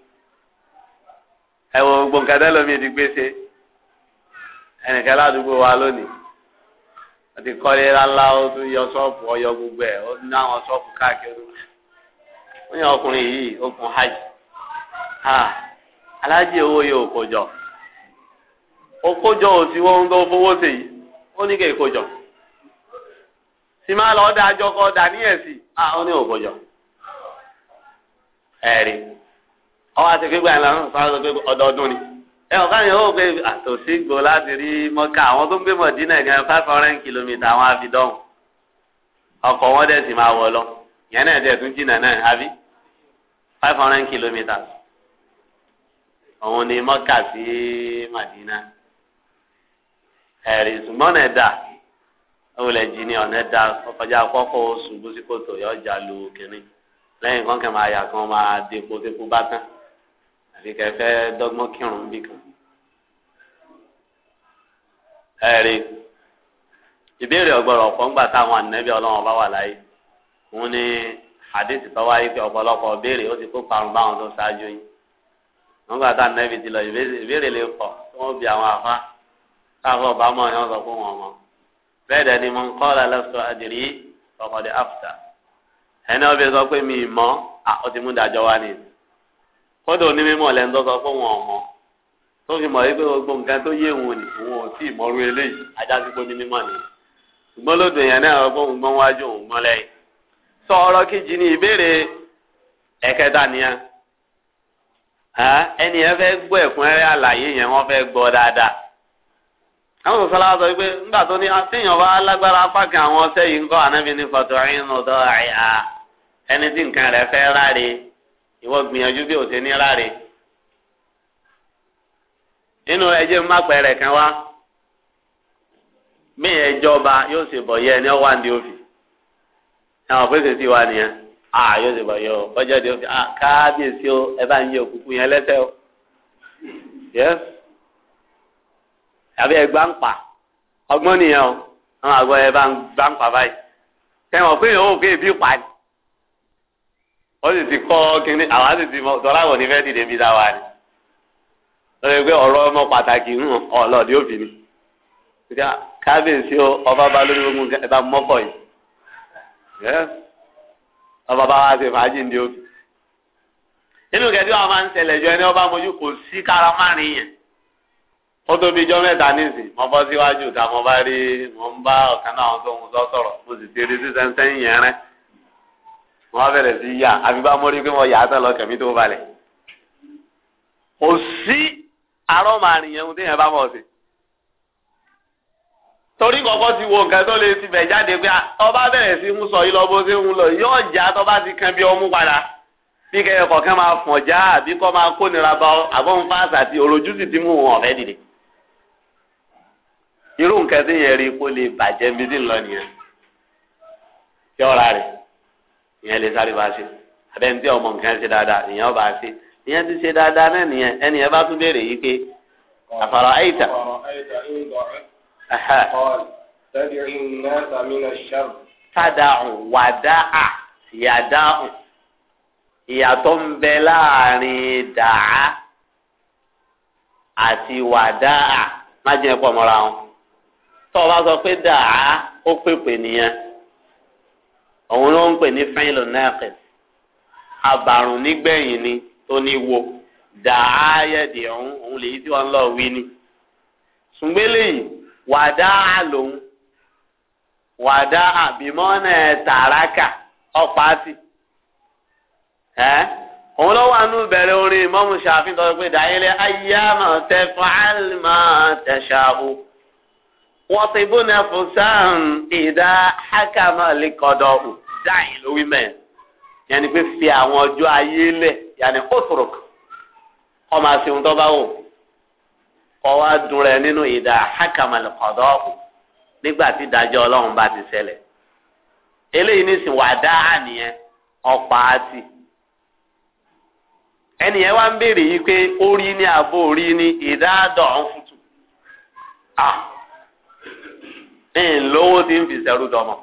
E wo gbogbo nǹkan ẹnìkan ládùúgbò wa lónìí kọ́lé lálá ó tún yọ ọyọ gbogbo ẹ̀ ó ní àwọn ṣọ́ọ̀bù káàkiri ó yàn ọkùnrin yìí hajj alájì owó wọn tó fowó ó ní ó ní ọwọ́ àti gbégbá ìlànà sọ́wọ́ àti gbégbá ọdọọdún ni. ẹ ọ̀gá yẹn ó gbé àtòsí gbò láti rí mọ́kà àwọn tó ń gbé mọ̀dínà ìgbà five hundred kilometre àwọn àfidọ́hùn ọkọ̀ wọn dẹ̀ sì máa wọ̀ lọ yẹn náà dẹ̀ tún jìnnà náà àbí five hundred kilometres òun ni mọ́kà sí mọ̀dínà ẹ̀rì ṣùgbọ́n náà dà ewúlẹ̀ jí ni ọ̀nà da ọkọjá kọ́kọ́ oṣù gbósíkòtò yọ ọjà lu kìnní lẹ́yìn kan kẹ́ máa yà kan máa dé epo tó kú bá tán àbí kẹfẹ dọ́gbọ́n kírun bí kan. ẹ̀rí ìbéèrè ọgbọ̀rọ̀ ọ̀pọ̀ ńgbà táwọn ànẹ́bí ọlọ́run bá wà láyé òun ni hadith tó wáyé pé ọ̀pọ̀lọpọ̀ béèrè ó ti kó parun báwọn tó ṣáájú yín wọ́n gbà tá ànẹ́bí ti lọ ìbéèrè lè pọ̀ tó wọ́n bi àwọn àfa káfọ́ ọ̀bámọ̀ yẹn sọ fún wọn mọ́ bẹ́ẹ̀ dẹ́ni mo ń kọ́ ọ́ lálẹ́sọ̀ àdìrí ọ̀pọ̀dé after ẹni ọ̀bẹ sọ pé mi ì mọ́ ó ti mú dájọ́ wá nìyí. kọ́dọ̀ onímọ̀ lẹ́nu tó fún wọn ọmọ tó fi mọ̀ gbogbo nǹkan tó yé wọn ni òun ò tí ì mọ̀rú eléyìí ajá sí pé ni ṣùgbọ́n lóde náà ọgbọ́n gbọ́n wájú òun gbọ́n lẹ́yìn. sọ ọrọ kejì ìbéèrè ẹ̀kẹta nìyẹn ẹni yẹn fẹ́ gbọ́ ẹ̀kúnrẹ́rẹ́ àlàyé yẹn wọ́n fẹ́ gbọ́ dáadáa. àwọn sọ nígbà tó ní àtìyàn bá lágbára apá kan àwọn ọ̀sẹ̀ yìí ń kọ́ ìwọ gbìyànjú bí o ṣe ní láre nínú ẹjẹ mápẹ rẹ kan wá mí ẹjọba yóò ṣe bọ yẹ ẹni ọwọ àǹdí òfì ẹwọn pèsè sí wa nìyẹn a yóò ṣe bọ yẹ o bọjọ di òfì a kábíyèsí o ẹ bá ń yẹ òkùnkù yẹn lẹsẹ o yes àbí ẹgbà ń pa ọgbọ́n nìyẹn o àwọn àgbọ̀ ẹ bá ń pa báyìí tẹ̀wọ̀n pé ìyẹn ò pé ìbí pa ni wọ́n sì ti kọ́ kínní àwọn sì ti mọ tọ́lá ní fẹ́ dìde bí dáwà ni lọ́dọ̀ yìí pé ọ̀rọ̀ ọmọ pàtàkì ń hàn hmm, ọ̀lọ́ọ̀dì òbí ni kábíyèsí ọba bá lórí gbogbo ẹ mọ́kọ̀ yìí ọba bá wá ṣe fàájì ní òbí inú kẹtí wọn máa ń tẹlẹ jọ ẹni ọba mojú kò sí karamarin yẹn ó tó bí ijọ́ mẹ́ta nísìn mo bọ́ síwájú tá mo bá rí mo ń bá ọ̀kan náà tó ń sọ wọ́n bẹ̀rẹ̀ sí yá àbí bá mọ́rí pé wọ́n yà á tán lọ kẹ̀mí tó balẹ̀. kò sí arọ́ máa rìn yẹn ohun téèyàn bá mọ̀ sí. torí kọ̀kọ́ ti wo nǹkan tó lè ti bẹ̀ jáde pé ọba bẹ̀rẹ̀ sí ń sọ yìí lọ bó ṣe ń lọ yóò já tọ́ba ti kan bí ọmú padà bí kẹyọ kọ̀ọ̀kan máa fọ̀n já àbí kọ́ máa kó nira bá àbọ̀n fáṣà àti òròjú sì ti mú wọn ọ̀fẹ́ dìde. irú nǹkan téèyàn rí kó lè bàjẹ́ mi sí ńlọ nìyẹn. yọ̀ọ́ra rẹ̀ ìyẹn lè sáré bá ṣe abẹ́ni tí ọmọ nǹkan ṣe dáadáa ìyẹn ọba ṣe ìyẹn ti ṣe dáadáa náà nìyẹn ẹni ẹ bá tún béèrè yìí pé àfàrà àyíta. sádàhùn wàdáà yàdáhùn ìyàtọ̀ ń bẹ láàrin dàá àti wàdáà má jẹ́ pọ̀ mọ́ra wọn tọ́ ọ bá sọ pé dàá ó pèpè nìyẹn òun ló ń pè ní fẹ́ńlò náàkìs àbàrùn nígbẹ̀yìn ni tó ní wo dàáyẹ̀dẹ̀ ọ̀hún òun lèyí tí wọ́n lọ wí ni ṣùgbẹ́lẹ̀ yìí wàdáà lòun wàdáà bímọ́nà tàràkà ọ̀pá-tì ẹ́ òun ló wà nù bẹ̀rẹ̀ orin ìmọ̀mù ṣàfihàn pé dàílẹ̀ ayyáma taf'al ma tasha'u wọ́n ti bú nẹ́fù sáà ìdá hákàmọ́ lè kọ́dọ̀ ọ̀hún dáìn lówí mẹ́ẹ̀ yẹn ni pé fi àwọn ọjọ́ ayé lẹ̀ yàní kóṣòro kọ́ máa ṣe ohun tó bá wò kọ́ wá dùn rẹ̀ nínú ìdá hakamal qada'u nígbà tí ìdájọ́ ọlọ́run bá ti ṣẹlẹ̀ eléyìí nísìnyí wà dáhà nìyẹn ọ̀pá àti ẹnìyẹn wá ń béèrè yìí pé ó rí ní àbó rí ní ìdádọ̀ ọ̀hún fútù à ń lówó tí ń fi ṣẹ́rú dọmọ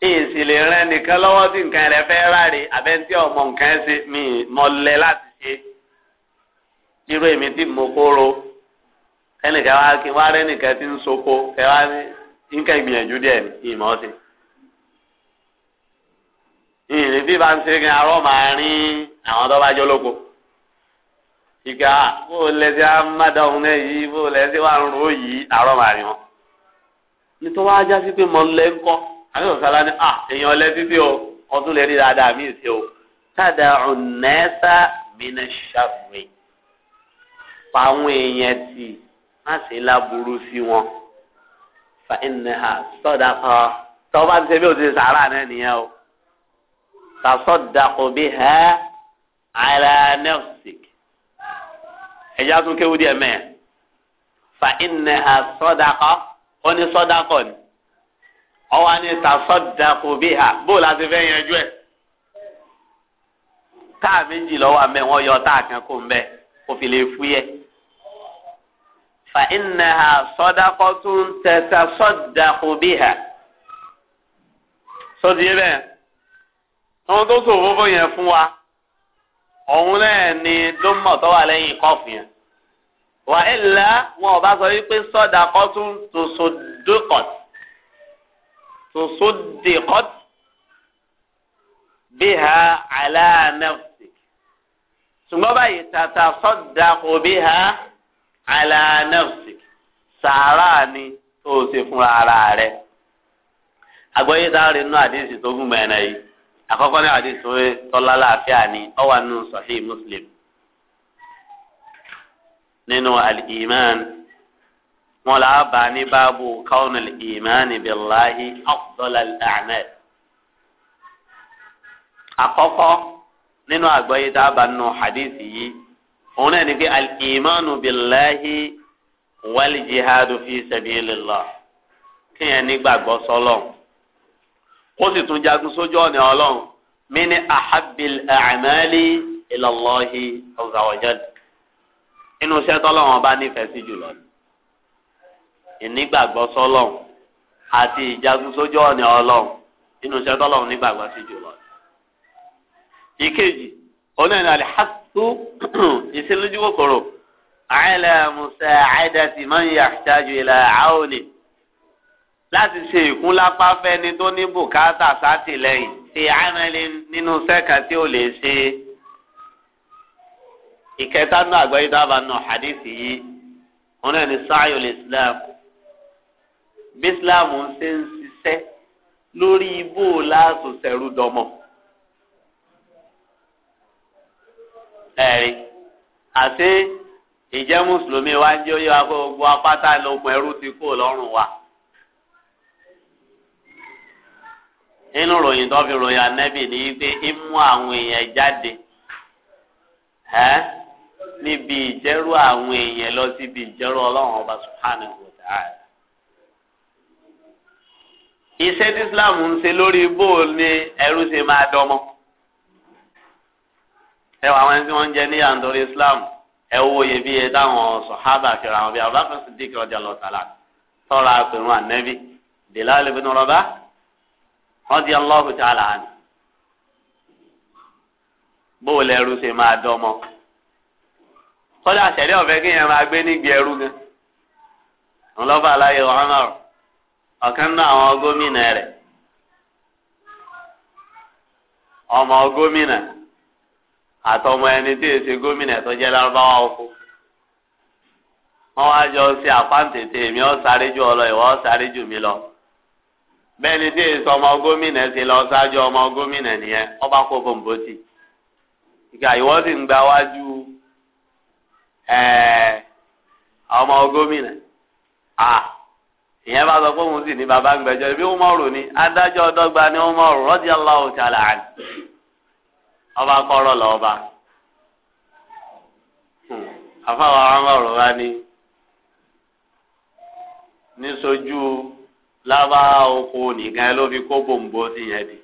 èsì lè rán nìkan lọ́wọ́ tí nǹkan rẹ̀ fẹ́ ráre àbẹ́ntí ọmọ nǹkan ṣe mi mọ̀lẹ́ láti ṣe irú èmi tí mo kóró ẹnìkan wá kí wá rẹ́ nìkan tí ń soko ẹ wá ní nǹkan ìgbìyànjú díẹ̀ ní ìmọ̀ sí. ìrìn tí bá ń ṣe kí arọ́ máa rín àwọn tó bá jọ lóko. ìgbà bó lẹ́sẹ̀ á má dáhùn náà yìí bó lẹ́sẹ̀ wà ń ro yìí arọ́ máa rí wọn. nítorí wá já sí pé mọ̀lẹ́ ń àbí òsàlá ni à ah, èèyàn lẹ títí o wọn tún lè rí dáadáa mí sí o tàdà ọ̀nẹ́sà mìíràn ṣàfùwé pa àwọn èèyàn tì má ṣe láburú sí wọn fa ìnáha sọdà kan tọ́ bá ti ṣe bí o ti sàárà náà nìyẹn o tasọ́dàkọ̀ bí hẹ́ alanẹ́fsik ẹ̀yà tún kéwú díẹ̀ mẹ́ẹ̀ fa ìnáha sọdà kan ó ní sọdà kan ni ọwọ́ ni tasọ́dàkù bí ha bóòlù àti fẹ́ yanjú ẹ̀. táà méjì lọ́wọ́ àmẹ́ wọ́n yọ táà kan kó mbẹ́ kó fi lè fú yẹ. fa innaha sadaqatun tatasọ́dàkù bí ha. sọ́dí ẹ bẹ́ẹ̀ àwọn tó sọ òfófó yẹn fún wa òun náà ni dómọ̀ wà lẹ́yìn kọ́ọ̀fù yẹn. wà á ilà wọn ò bá sọ wípé sọ́dàkọ́tún tó so dókọ̀tì. تصدقت بها على نفسك ṣùgbọ́n báyìí tatasaddaqu biha ala nafsik sàárà ni tó o ṣe fún ara rẹ. àgbọ̀yé dáhùn inú àdéhùn tó gùn mẹ́rin yìí àkọ́kọ́ ní àdéhùn tó tọ́lá ni ó wà nínú Muslim nínú al-Iman wọn là á bá ní báàbù kaunul ìmáàní billahi afdalal a'mal. àkọ́kọ́ nínú àgbáyé tá a bá nù hadith yìí òun náà ní pé al-ìmáànù billahi wal jihadu fi sabilillah kíyẹn nígbàgbọ́ sọ́lọ̀ ó sì tún jagun sójú ọ̀nà ọlọ́run mí ní ahabbil a'mali ilallahi azza inú iṣẹ́ tọ́lọ́run ọba nífẹ̀ẹ́ sí jùlọ ni ìnígbàgbọ́ sọ́lọ́n àti ìjagun sójú ọ̀nà ọlọ́run nínú iṣẹ́ tọ́lọ́run nígbàgbọ́ sí jùlọ. ìkejì onáyìn alihatu ìsinlójú kòkòrò àìlẹ̀ musa àìdàtì máa ń yà ṣáájú ilẹ̀ àónì láti ṣe ìkúnlápá fẹ́ni tó ní bùkátà sátìlẹ́yìn ti àmẹ́lẹ́ nínú sẹ́ka tí ó lè ṣe ìkẹta náà àgbáyé dábàá náà hadith yìí onáyìn sáyọ̀ islam. bí islam ṣe ń ṣiṣẹ́ lórí ibò láàtò dọmọ. ẹ̀rí àti ìjẹ́ mùsùlùmí wa ń jẹ́ oyè gbogbo apáta ẹrú ti kó lọ́rùn wa. nínú ròyìn tó fi ròyìn anẹ́bì ní pé àwọn èèyàn jáde níbi ìjẹ́rú àwọn èèyàn lọ síbi ìjẹ́rú ọlọ́run ọba iṣẹ́ tí islam ń ṣe lórí bóòlù ni ẹrú ṣe máa dọ́mọ. ẹ wà àwọn ẹni tí wọ́n ń jẹ níyà nítorí islam ẹ wo iye bí iye táwọn sọ̀hábà kẹrọ àwọn bíi abubakar siddiq ọjà lọ sàlà tọrọ àpèrún ànẹ́bí Bilal ibn Rabah radiyallahu ta'ala anhu. bóòlù ẹrú ṣe máa dọ́mọ. kọ́dà ṣẹ̀lẹ̀ ọ̀fẹ́ kéèyàn máa gbé nígbì ẹrú gan. ńlọ́fà láyé ọ̀hánà rẹ̀. ọ̀kan náà àwọn gómìnà rẹ̀ ọmọ gómìnà àtọmọ ẹni tí èsì gómìnà tó jẹ́ lárúbáwá oko wọn wá jọ ṣe àpáǹtètè èmi ọ̀ sáré jù ọ lọ ìwọ ọ̀ sáré jù mí lọ bẹ́ẹ̀ ni tí èsì ọmọ gómìnà ṣe lọ ṣáájú ọmọ gómìnà nìyẹn ọba kó bòǹbòtì ìgbà ìwọ sì ń gba wájú ọmọ gómìnà ìyẹn bá sọ pé òun sì ní bàbá ń gbẹ́jọ́ ibi Umaru ni adájọ́ ọdọ́gba ni Umaru radiyallahu ta'ala anhu ọba kọrọ lọba afáwọn hmm. Umaru wa ni níṣojú lábá oko nìkan ló fi kó bòǹbò sí yẹn di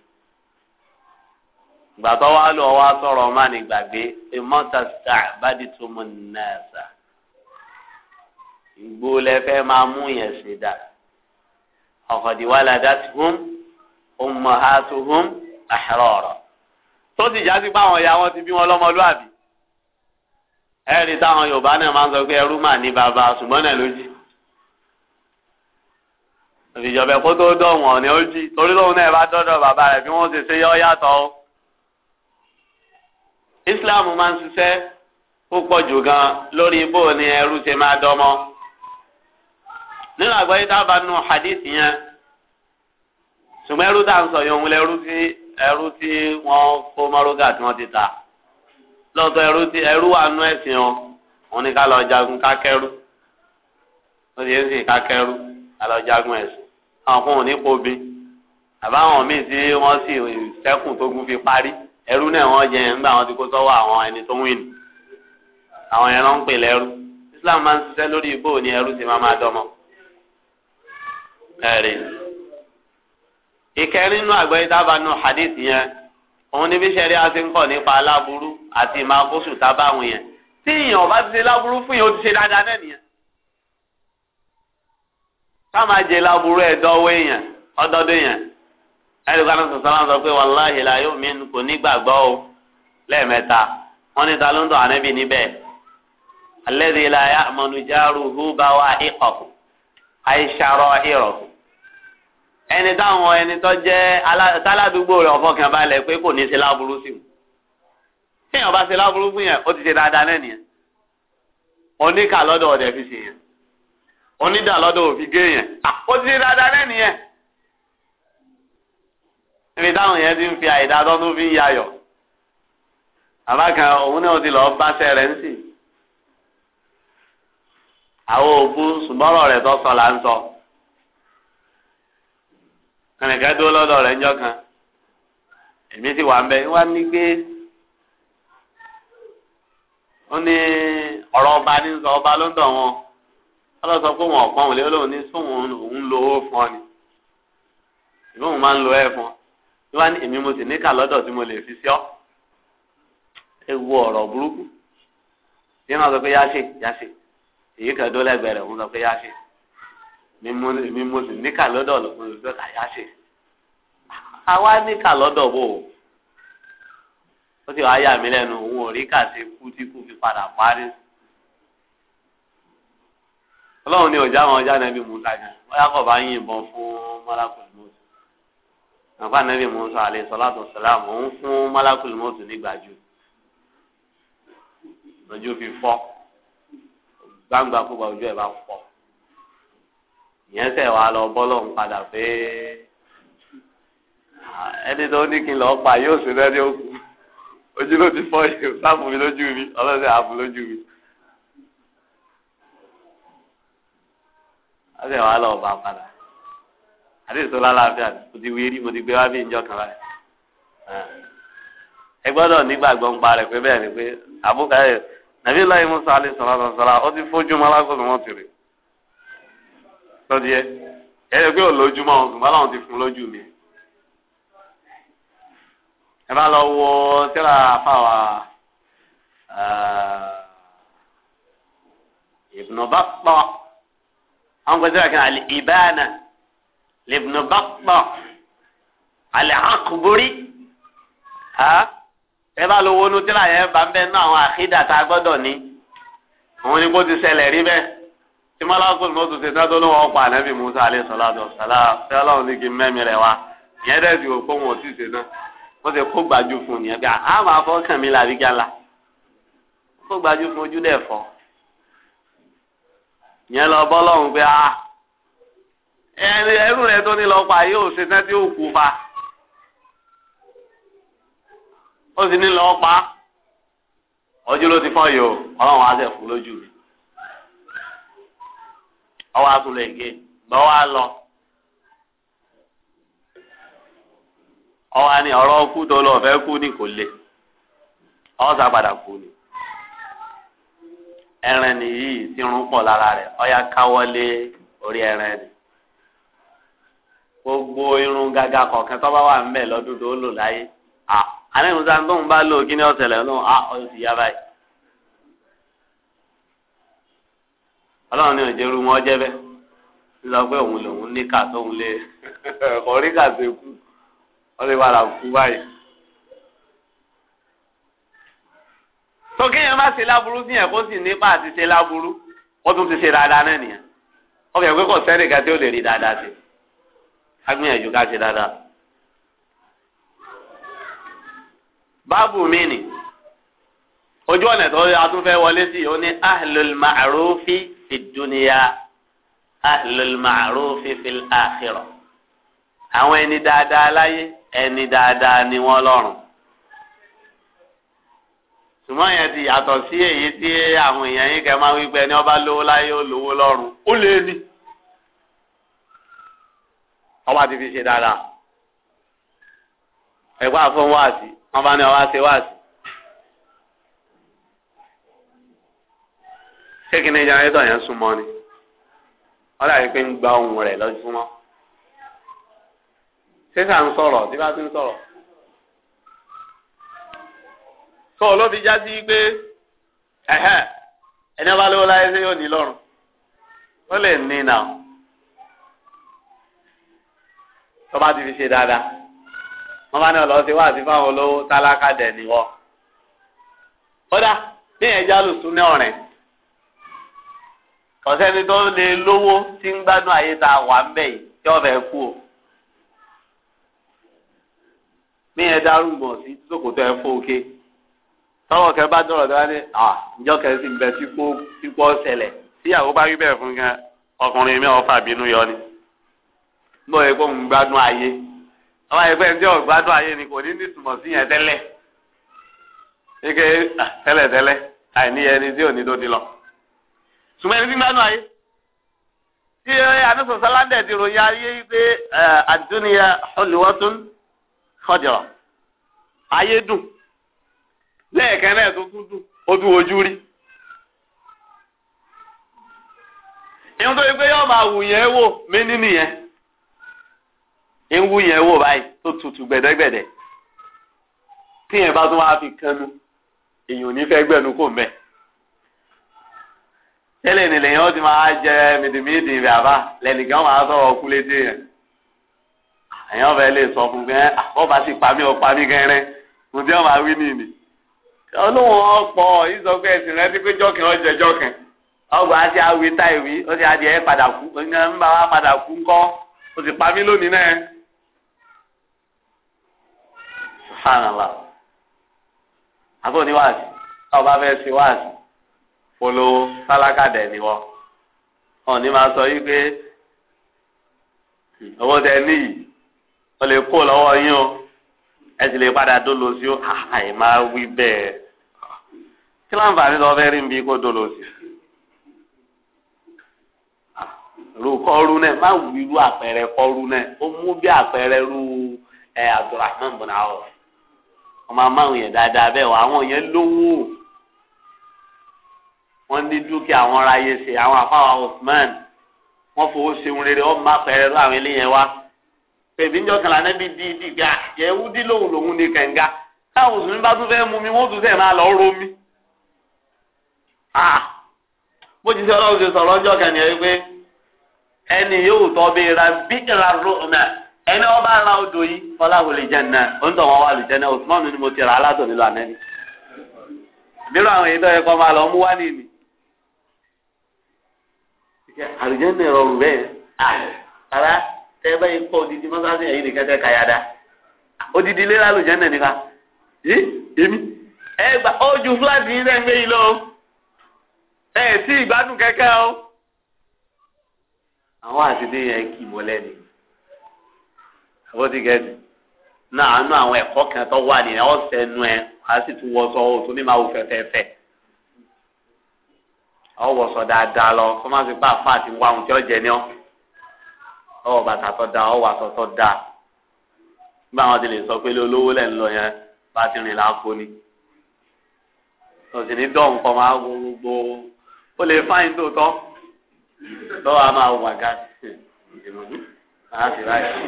gbàtọ́ wa lọ wa sọ̀rọ̀ má ní gbàgbé emọ́tàṣà bàdìtúmọ̀ nàṣà ìgbó máa mú yẹn sí dáa ọ̀fọ̀dì waladathum ummahatuhum ahrara tó sì já sí pé àwọn ìyá wọn ti bí wọn lọ́mọlúàbí ẹ̀rí táwọn yorùbá náà máa ń sọ pé ẹrú mà ní bàbá ṣùgbọ́n náà ló jí ìjọba ẹ̀kọ́ tó dọ̀ wọ́n ni ó jí torí lóun náà bá dọ́dọ̀ bàbá rẹ̀ bí wọ́n ṣe ṣe yọ yàtọ̀ o Islam máa ń ṣiṣẹ́ púpọ̀ jù gan lórí bó ni ẹrú ṣe máa dọ́mọ́. nínú àgbáyé dábàá nínú hadith yẹn ṣùgbọ́n ẹrú tá à ń sọ yòówù lẹ́rú tí ẹrú tí wọ́n kó mọ́rúgà tí wọ́n ti ta lọ́tọ̀ ẹrú tí ẹrú wà nú ẹ̀sìn òun ni ká lọ jagun kákẹ́rú ó sì ń sìn kákẹ́rú ká lọ jagun ẹ̀sìn àwọn fún òun ní àbáwọn míì tí wọ́n sì sẹ́kùn fi parí ẹrú náà wọ́n jẹ wọn ti kó sọ́wọ́ àwọn ẹni tó wìn àwọn ń pè lẹ́rú Islam máa ń ṣiṣẹ́ lórí ibò ní ẹrú ẹ̀rí. ìkẹrin nínú àgbẹ̀yìn dábàá nù hadith yẹn òun níbi sẹ́rí àti ń kọ̀ nípa aláburú àti ìmàkóṣù tábàwọn yẹn tí èèyàn bá ti ṣe láburú fún yẹn ó ti ṣe dáadáa náà nìyẹn. ká máa jẹ láburú ẹ̀ dọ́wọ́ èèyàn ọdọọdún yẹn ẹ̀rí kan sọ̀rọ̀ sọ̀rọ̀ sọ pé wàláhì la yóò mí kò ní gbàgbọ́ o lẹ́ẹ̀mẹ́ta wọ́n ní ta ló ń tọ́ ànábì níbẹ̀ alẹ́ àìsàrọ̀ ìrọ̀ ẹni táwọn ẹni tó jẹ́ aládùúgbò rẹ̀ ọ̀fọ̀kàn balẹ̀ pé kò ní í ṣe láburú sí wọn téèyàn bá ṣe láburú fún yẹn ó ti ṣe dáadáa náà nìyẹn oníkà lọ́dọ̀ ọ̀dẹ̀ fi ṣe yẹn onídà lọ́dọ̀ òfin gé yẹn ó ti ṣe dáadáa náà nìyẹn níbi táwọn yẹn ti ń fi àìdá tó tún fi ń yayọ̀ àbá kan òun náà ti lọ́ọ́ bá ṣẹ́ rẹ̀ ń sìn àwọn òbú ṣùgbọ́n rẹ̀ tó sọ là ń sọ kànìkan dúró lọ́dọ̀ rẹ̀ ńjọ́ kan èmi sì wà ń bẹ wá ní pé ó ní ọ̀rọ̀ ọba ní sọ ọba ló ń dọ̀ wọn ọlọ́ sọ pé wọn ọ̀pọ̀n òlé olóhùn ní sóhun òun lo owó fún ọ ni ìlú òun máa ń lo ẹ̀ fún ọ ní wá ní èmi mo sì níkà lọ́dọ̀ tí mo lè fi sí ọ ewu ọ̀rọ̀ burúkú yìí náà sọ pé yá ṣe yá ṣe èyí kan dó lẹ́gbẹ̀ẹ́ rẹ̀ ń sọ pé yá ṣe ni mo sì níkà lọ́dọ̀ lọ́pọ̀ lọ́dọ̀ kà yá ṣe àwa níkà lọ́dọ̀ bò ó ó sì wáá yà mí lẹ́nu òun ò rí kà sí kú tí kú fi padà parí ọlọ́run ni ọjà àwọn ọjà nàbí musa yẹn ọjà kọ̀ bá yìnbọn fún malakul mọ́tò nàfà nàbí musa alayhi salatu wassalam òun fún malakul mọ́tò nígbàjú lọ́jọ́ fi fọ́. gbangba kúba ojú ẹ̀ bá pọ̀ ìyẹn sẹ̀ wá lọ bọ́lọ́hún padà pé ẹni tó ní kí n lọ́ọ́ pa yóò sì rẹ́ òkú ojú ló ti fọ yìí sáàmù mi lójú mi ọlọ́sẹ̀ àbù lójú mi. ọsẹ wàá lọ bá padà àdéhùn lálàáfíà mo ti wí rí nàbí láyé musa alẹ́ sọ̀rọ̀ sọ̀rọ̀ ó ti fojúmọ́ alágbèbè wọn tèrè lọ́díẹ́ ẹ̀rẹ́ pé òlójúmọ́ ọ̀hún ṣùgbọ́n láwọn ti fún lójú mi. ẹ bá lọ wo tẹ́lá fáwa eh, Ibn Battah àwọn kan tẹ́lá kan al-Ibana Ibn Battah al ẹ bá lo wo nutira yẹn bá ń bẹ nínú àwọn àkídà tá a gbọ́dọ̀ ní òun ni kó ti ṣẹlẹ̀ rí bẹ́ẹ̀ tí malakul mọ́tò ṣe tán tó ló wọ́n pa ànábì musa alayhi salatu wa salam fẹ́ ọlọ́run ní kí n mẹ́mi rẹ̀ wá ìyẹn dẹ̀ sì kó wọn ò sì ṣe náà wọ́n ti kó gbajú fún un yẹn bí a máa fọ́ kàn mí lárí gánla kó gbajú fún ojú dẹ̀ fọ́ yẹn lọ bọ́ lọ́hùn pé a ẹrú rẹ̀ tó ní lọ́ọ́ yóò ṣe tán tí ó kú pa. ó sì ní lọ́ọ́ pa ojú ló ti fọ́ yìí o ọlọ́run á sẹ̀ lójú mi ọwọ́ àtúlẹ̀ èké gbọ́ wá lọ. ọwọ́ ni ọ̀rọ̀ kú tó lọ fẹ́ kú ní kò le ọ̀sà padà kú ni ẹran nìyí tí irun pọ̀ lára rẹ̀ orí ẹran ni gbogbo irun gàgà kọ̀ọ̀kan tó bá wà ń bẹ̀ àná ìmúta tó ń bá lò kí ni ọ̀sẹ̀lẹ̀ ọlọ́run á ah, ọ̀yọ́ ti yá báyìí. ọlọ́run ní òjò ru wọn jẹ́ bẹ́ẹ̀ nígbà pé òun lòun ní kà tóun lé ọ̀rí kà sí kú wọ́n lè padà kú báyìí. tó kéèyàn má ṣe láburú sí yẹn kó sì nípa àti ṣe láburú ó tún ti ṣe dáadáa náà nìyẹn ọbẹ̀ pé kò sẹ́nìkan tí ó lè rí dáadáa ṣe á gbìyànjú ká ṣe dáadáa. báàbù mi nì ojú ọ̀nà tó a tún fẹ́ wọlé sí ó ní ahlul ma'rufi fi dunya ahlul ma'rufi fil akhirah àwọn ẹni dáadáa láyé ẹni dáadáa ni wọ́n lọ́rùn ṣùgbọ́n yẹn ti yàtọ̀ sí èyí tí àwọn èèyàn yín kẹ́ máa wí pé ẹni ọba lówó láyé ó lówó lọ́rùn ó lé ní ọba ti fi ṣe dáadáa ẹ̀gbọ́n àfọwọ́ àti wọn bá ní ọwọ́ àti wáàsí. ṣé kí ni jẹnẹrétọ̀ yẹn súnmọ́ ni wọ́n dàbí pé ń gba ohun rẹ̀ lọ́júmọ́ ṣé sà ń sọ̀rọ̀ tí bá ti ń sọ̀rọ̀ tó ló fi já sí pé ẹ̀hẹ́ ẹni ọba lówó láyé ṣé yóò ní lọ́rùn ó lè ní nà tọ́ba ti fi ṣe dáadáa wọ́n bá ní ọ̀lọ́ sí wá àti fáwọn olówó tálákà dẹ̀ níwọ́. kódà bí yẹn jálù sún ní ọ̀rẹ́ ọ̀sẹ́ni tó lè lówó tí ń gbádùn ayé tá wà ń bẹ̀ yìí tí ọ̀fẹ́ kú o. bí yẹn darúgbọ̀n sí sókòtò ẹ̀ fọ́ òkè tọwọ́ kẹ bá dọ̀rọ̀ tó wá ní à ǹjọ́ kẹ sì ń bẹ sípò ṣẹlẹ̀ tíyàwó bá rí bẹ́ẹ̀ fún gan ọkùnrin mi ọ̀fà bínú yọ ni. bóyá kó ń gbádùn ayé ọmọ ẹgbẹ́ ẹni tí ò gbádùn ayé ni kò ní ní ìtumọ̀ sí yẹn tẹ́lẹ̀ ike ah, tẹ́lẹ̀ tẹ́lẹ̀ àìní ẹni tí ò ní tó ti lọ. ṣùgbọ́n ẹni tí gbádùn ayé tí àdúgbò eh, sálándẹ̀ ti ròyìn ayé pé eh, àdúnìyà olùwọ́tún kọjọ ayé dùn lẹ́ẹ̀kan náà tó tún dùn ó dùn ojú rí. ìhun tó yẹ pé yóò máa wù yẹn wò mí nínú yẹn ń wú yẹn wò báyìí tó tutù gbẹ̀dẹ́gbẹ̀dẹ́ tí yẹn bá tún wá fi kánú èyàn ò ní fẹ́ gbẹ̀nu kò mẹ́ tẹ́lẹ̀ nílẹ̀ yẹn ó ti máa jẹ mìdìmídì rẹ̀ àbá máa sọ̀rọ̀ kú lédè yẹn èyàn fẹ́ lè sọ fún gẹ́ àbọ̀bá sì pa mí ọ pa mí gẹ́rẹ́ mo ti ọ̀ma wí nìyí olóhùn ọ̀pọ̀ ìsọ̀kọ̀ ẹ̀sìn rẹ ti pé jọ́kìn ọ̀jẹ̀ jọ́kìn ọgbà àti awi táìwì ó ti adìẹ padà kú ó bá wa padà kú ńkọ́ ó sì pa mí lónìí náà. subhanallah àbò ní wáàsí ọba fẹ́ ṣe wáàsí polówó tálákà dẹ̀ ni wọ́n wọn ní máa sọ yí pé hmm, owó tẹ níyì o, lè kó lọ́wọ́ yín o ẹ sì lè padà dólo sí ó àì máa wí bẹ́ẹ̀ kí láǹfààní lọ fẹ́ rí nbí kó dólo sí ah, rúkọ́rú náà má wí irú àpẹẹrẹ kọ́rú náà ó mú bí àpẹẹrẹ ẹ ọ̀rọ̀. Eh, ọmọ amáhùn yẹn dáadáa bẹ́ẹ̀ wọ àwọn yẹn lówó wọ́n ní dúkìá àwọn ráyè ṣe àwọn àfáwà Usman wọ́n fowó ṣeun rere wọ́n má pẹ̀rẹ̀ lọ àwọn eléyẹn wá pèbí ń jọkànlá níbi di ìdìgbà yẹ̀wù dí lòun lòun ní kànga táwọn òsùnmí bá tún fẹ́ mú mi wọ́n tún sẹ̀ máa lọ ro mi. bó ti ṣe ọlọ́run ṣe sọ̀rọ̀ ọjọ́ kan nìyẹn pé ẹni yóò tọ́ bí ra bí ìra ro ẹni ọba ra odò yìí fọláwo lè jẹ nà ó ń tọ̀ wọn wà lè jẹ nà Usman ni mo ti rà aládùn nílò ànẹ́ni nínú àwọn èyí tó yẹ kọ́ máa lọ mú wá nìyí àlùjẹ́nì rọrùn bẹ́ẹ̀ àrà tẹ́ báyìí kọ́ odidi mọ́sáàsì ẹ̀yìn nìkan tẹ́ kàyàdá odidi ilé lálùjẹ́nì nìkan yìí èmi ẹ gbà ojú fúláàtì yìí rẹ̀ ń gbé yìí lọ ẹ tí ìgbádùn kẹ́kẹ́ o àwọn àti àbótí gẹ̀ẹ́sì náà àánú àwọn ẹ̀kọ́ kan tó wà nìyẹn ọ̀sẹ̀ ẹnu ẹ̀ wàá sì tún wọṣọ òtún ní máa wò fẹ́fẹ́fẹ́ ọwọsọ dáadáa lọ kó má fi bá àfa àti wá ohun tí ó jẹ ní ọ ọwọ bàtà tó da ọwọ aṣọ tó da nígbà wọn ti lè sọ pé olówó lẹ̀ ń lọ yẹn bá ti rìn láàpọ̀ ni òsì ní dọ́ọ̀n kọ́ máa wo gbogbo ó lè fáyín tó tọ́ lọ́wọ́ a máa wà ká láti báyìí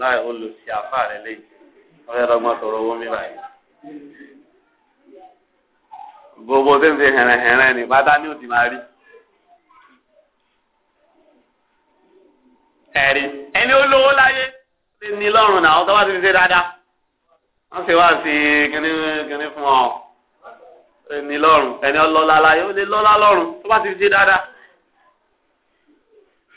láì olùsí àfà rẹ lẹ́yìn ọ̀rẹ́ ọgbọ́n tọrọ owó mi báyìí. gbogbo tó ń ṣe hẹ̀rẹ̀hẹ̀rẹ̀ ní bá dání òdì máa rí. ẹ̀rí ẹni olówó láyé lè ní lọ́rùn náà tó bá ti ṣe dáadáa wọ́n ṣe wá sí kíní kíní fún ọ ẹni lọ́rùn ẹni ọlọ́lá láyé ó lè lọ́lá lọ́rùn tó bá ti ṣe dáadáa.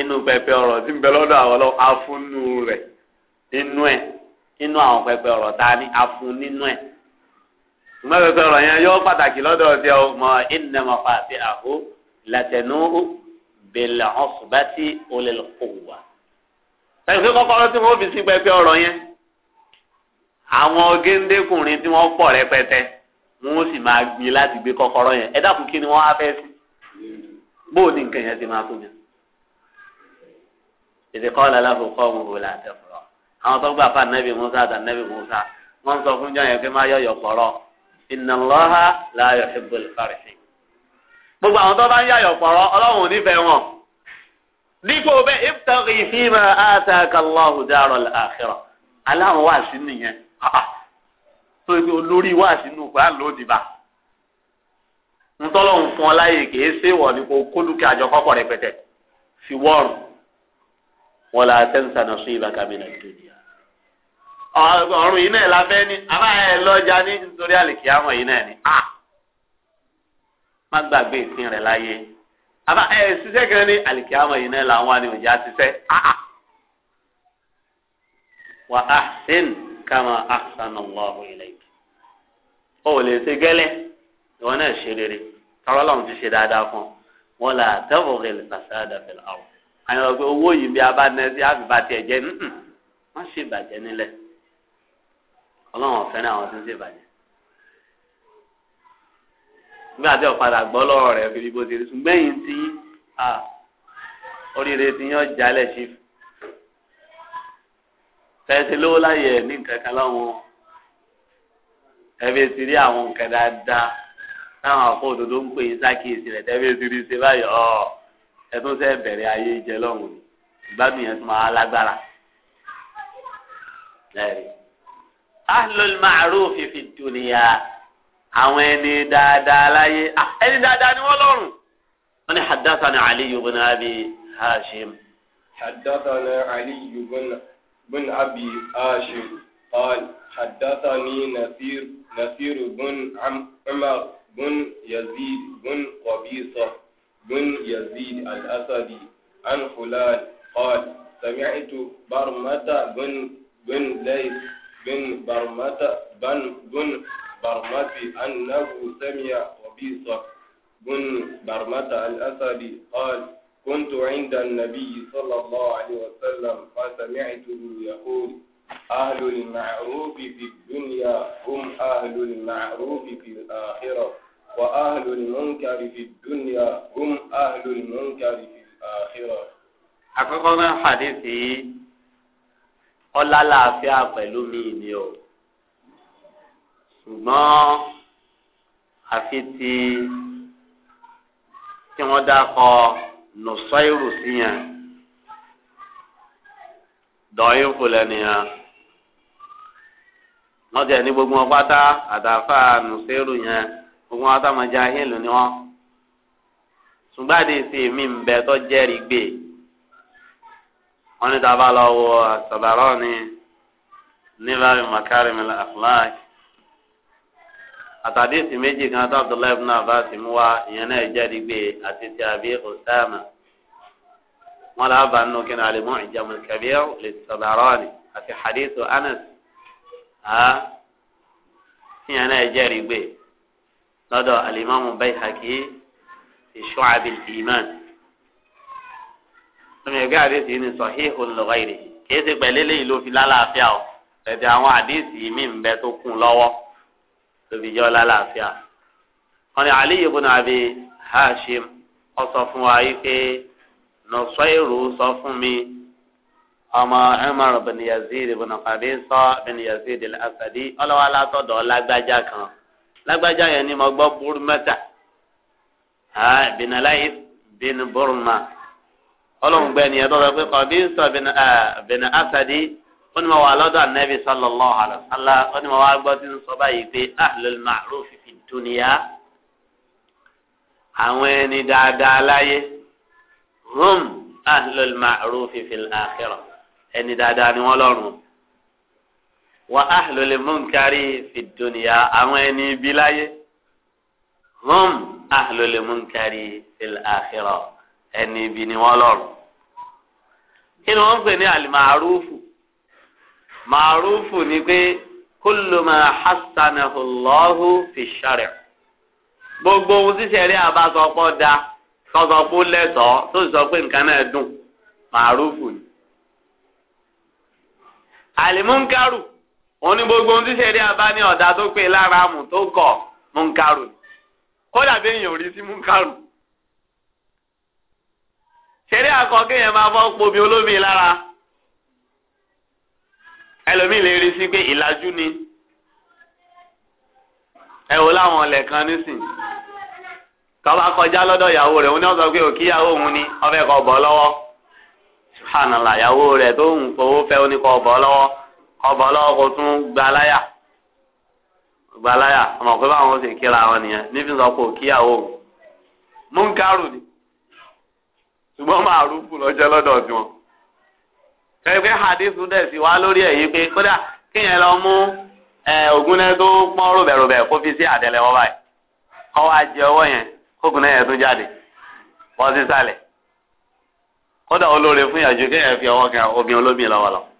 inú pẹpẹ ọ̀rọ̀ tí ń bẹ lọ́dọ̀ àwọn lọ afúnú rẹ inú ẹ inú àwọn pẹpẹ ọ̀rọ̀ tá a ní afún nínú ẹ ṣùgbọ́n pẹpẹ ọ̀rọ̀ yẹn yọ pàtàkì lọ́dọ̀ ọtí ọ mọ iná mọ fàtí àhó làtẹnú bẹlẹ ọsùbátì olèlùkọwà tẹsí kọ́kọ́rọ́ tí wọn fi sí pẹpẹ ọ̀rọ̀ yẹn àwọn géńdékùnrin tí wọn pọ̀ rẹpẹtẹ wọn sì máa gbin láti gbé kọ́kọ́rọ́ yẹn ẹ dákun kí ni wọn á fẹ́ sí bóò nǹkan yẹn ti máa tó yẹn. إذ قال له قومه لا تفرح àwọn tó gbà fún anabi musa àti anabi musa wọn sọ fún jọyọ pé má yọ yọpọrọ inna Allaha la yuhibbul farihin. gbogbo àwọn tó bá ń yàyọ pọrọ Ọlọ́run ò nífẹ̀ẹ́ wọn. dípò bẹ́ẹ̀ ibtaghi fima ataka Allahu daral akhirah aláwọn wà sí nìyẹn tó ibi olórí wà sínú pé àlòdìbà ntọ́lọ́hún fún ọ láyè kìí ṣe wọ̀ ní kó kólúkẹ́ àjọkọ́kọ́ rẹpẹtẹ fi wọ́ọ̀rùn wọn là tẹ́ǹsà náà sún ìbá kàmínà dúnìá. ọ̀run yìí náà la fẹ́ ní àbá ẹ̀ lọ́jà ní nítorí àlìkíyàmọ̀ yìí náà ni a má gbàgbé ìsìn rẹ̀ láyé àbá ẹ̀ ṣiṣẹ́ kan ní àlìkíyàmọ̀ yìí náà làwọn àni òjá ṣiṣẹ́ a. wà á sin kama ahsan allahu ilayk o ò lè ṣe gẹ́lẹ́ ìwọ náà ṣe rere tọ́lọ́lọ́run ti ṣe dáadáa fún wọn là tẹ́wọ̀gẹ̀lì fàṣáàdà fil ard àwọn ọ̀gbẹ́ owó yìí bí abánẹ́sí àfìbá tiẹ̀ jẹ́ nùnùn wọ́n ṣe ìbàjẹ́ nílẹ̀ ọlọ́run ọ̀fẹ́ràn àwọn tó ń ṣe ìbàjẹ́. nígbà tí ọ̀padà gbọ́ lọ́rọ̀ rẹ̀ fi bó ti rí sùn gbẹ̀yìn tí oríire ti yàn jálẹ̀ ṣe fẹ́ẹ́sì lówó láyè ẹ̀ ní nǹkan kan láwọn ẹ̀fẹ́ ti rí àwọn nǹkan dáadáa táwọn àpò òdòdó ń pè é sákìyèsí rẹ̀ tẹ́fẹ́ ti rí ṣe báyìí ọ̀ọ́ ẹ tó sẹ́ bẹ̀rẹ̀ ayé jẹ lọ́hùn ni ìgbádùn yẹn tó máa lágbára. ahlul ma'ruf fi dunya àwọn ẹni dáadáa láyé ẹni dáadáa ni wọ́n lọ́rùn. wọ́n ní haddathana ali ibn abi hashim. haddathana ali ibn abi hashim qal haddathani nasir nasir ibn umar ibn yazid ibn qabisa. بن يزيد الأسدي عن فلان قال سمعت برمة بن بن ليث بن برمة بن بن برمة أنه سمع قبيصة بن برمة الأسدي قال كنت عند النبي صلى الله عليه وسلم فسمعته يقول أهل المعروف في الدنيا هم أهل المعروف في الآخرة وأهل المنكر في الدنيا هم أهل المنكر في الآخرة àkọ́kọ́ náà hadithi yìí ọlá làáfíà pẹ̀lú mi ni o ṣùgbọ́n àfi ti tí wọ́n dákọ nùsọ́ìrù sí yẹn dọ̀yìn fúlẹ̀ nìyẹn wọ́n jẹ́ ní gbogbo wọn pátá àtàfà nùsọ́ìrù yẹn gbogbo wọn táwọn jahilu ni wọn ṣùgbọ́n àdìsí mi ń bẹ tó jẹ́rìí gbé wọn ní tábà lọ wọ àṣàbàrọ̀ ni níbàbí makarim al-akhlaq àtàdìsí méjì kan tó Abdullahi ibn Abbas mú wa ìyẹn náà jẹ́rìí gbé àti ti àbí Usama wọn lọ bá nínú kí ni al-Mu'jam al-Kabir lè ṣàbàrọ̀ ni àti hadithu Anas ìyẹn náà jẹ́rìí gbé lọ́dọ̀ alimami bayhaki ìṣọ́abil iman lọ́mọ ẹgbẹ́ àdéhùn yìí ni sọ̀híhùn lọ́gáyìrì kìí ṣe pẹ̀lú eléyìí ló fi lálàáfíà o tẹ̀tẹ̀ àwọn àdéhùn mi ń bẹ tó kún lọ́wọ́ tó fi jọ lálàáfíà. wọ́n ní aliyu bin abi hashim ọ sọ fún wa yìí pé nọ̀sọ́ìrù sọ fún mi ọmọ umar bin yazid bin qabisa bin yazid al-asadi ọlọ́wọ́ alátọ̀dọ̀ lágbájá kan lágbájá yẹn ni mo gbọ́ burúmẹ́ta bìnnàláyé bìnnà burúmà ọlọ́run gbẹ ni ẹ̀dọ́ rẹ pé ọ̀bí ń sọ bìnnà asadi ó ní mo wà lọ́dọ̀ anabi sallallahu alaihi wasallam ó ní mo wà gbọ́ tí ń sọ báyìí pé ahlul ma'ruf fi dunya àwọn ẹni dáadáa láyé hum ahlul ma'ruf fil akhirah ẹni dáadáa ni wọ́n lọ́rùn. wa ahlul munkari fi dunya àwọn ẹni láyé hum munkari fil akhirah ẹni ni wọn lọ́rùn. maarufu ni pe kullu ma fi shari' gbogbo ohun tí sẹ́rí àbáṣọpọ̀ da tọ́sọpọ̀ lẹ́tọ̀ọ́ tó sọ pé nǹkan maarufu alimunkaru. òun ni gbogbo ohun tí sẹ́rí abá ní ọ̀dà tó pé lára mù tó kọ̀ kódà bí èèyàn ò rí sí akọ kéèyàn máa fọ́ pomi olómi lára ẹlòmíì lè rí sí pé ìlàjú ni ẹ wò láwọn ọ̀lẹ̀ kan nísìn kọjá lọ́dọ̀ ìyàwó rẹ̀ òun ni wọ́n sọ pé òun ni bọ́ lọ́wọ́ subhanallah ìyàwó rẹ̀ tó ń fowó fẹ́ ní kọ bọ́ lọ́wọ́. ọba ọlọ́wọ́ tún gbaláyà gbaláyà ọmọ pé báwọn ṣe kíra wọn nìyẹn níbi sọ pé òkíyàwó òun múnkárù ni ṣùgbọ́n máa rúfù lọ́jọ́ lọ́dọ̀ tiwọn. kẹ́kẹ́ hadith dẹ̀ sí wa lórí ẹ̀ yí pé kódà kíyẹn lọ mú ògùn náà tó pọ́n rùbẹ̀rùbẹ̀ kó fi sí àtẹ́lẹwọ́ báyìí kọ́ wa jẹ ọwọ́ yẹn kókùn náà yẹn tún jáde wọ́n sísàlẹ̀ kódà olóore fún ìyàjú kéèyàn fi ọwọ́ kan obìnrin olóbìnrin lọ́wọ́ lọ́wọ́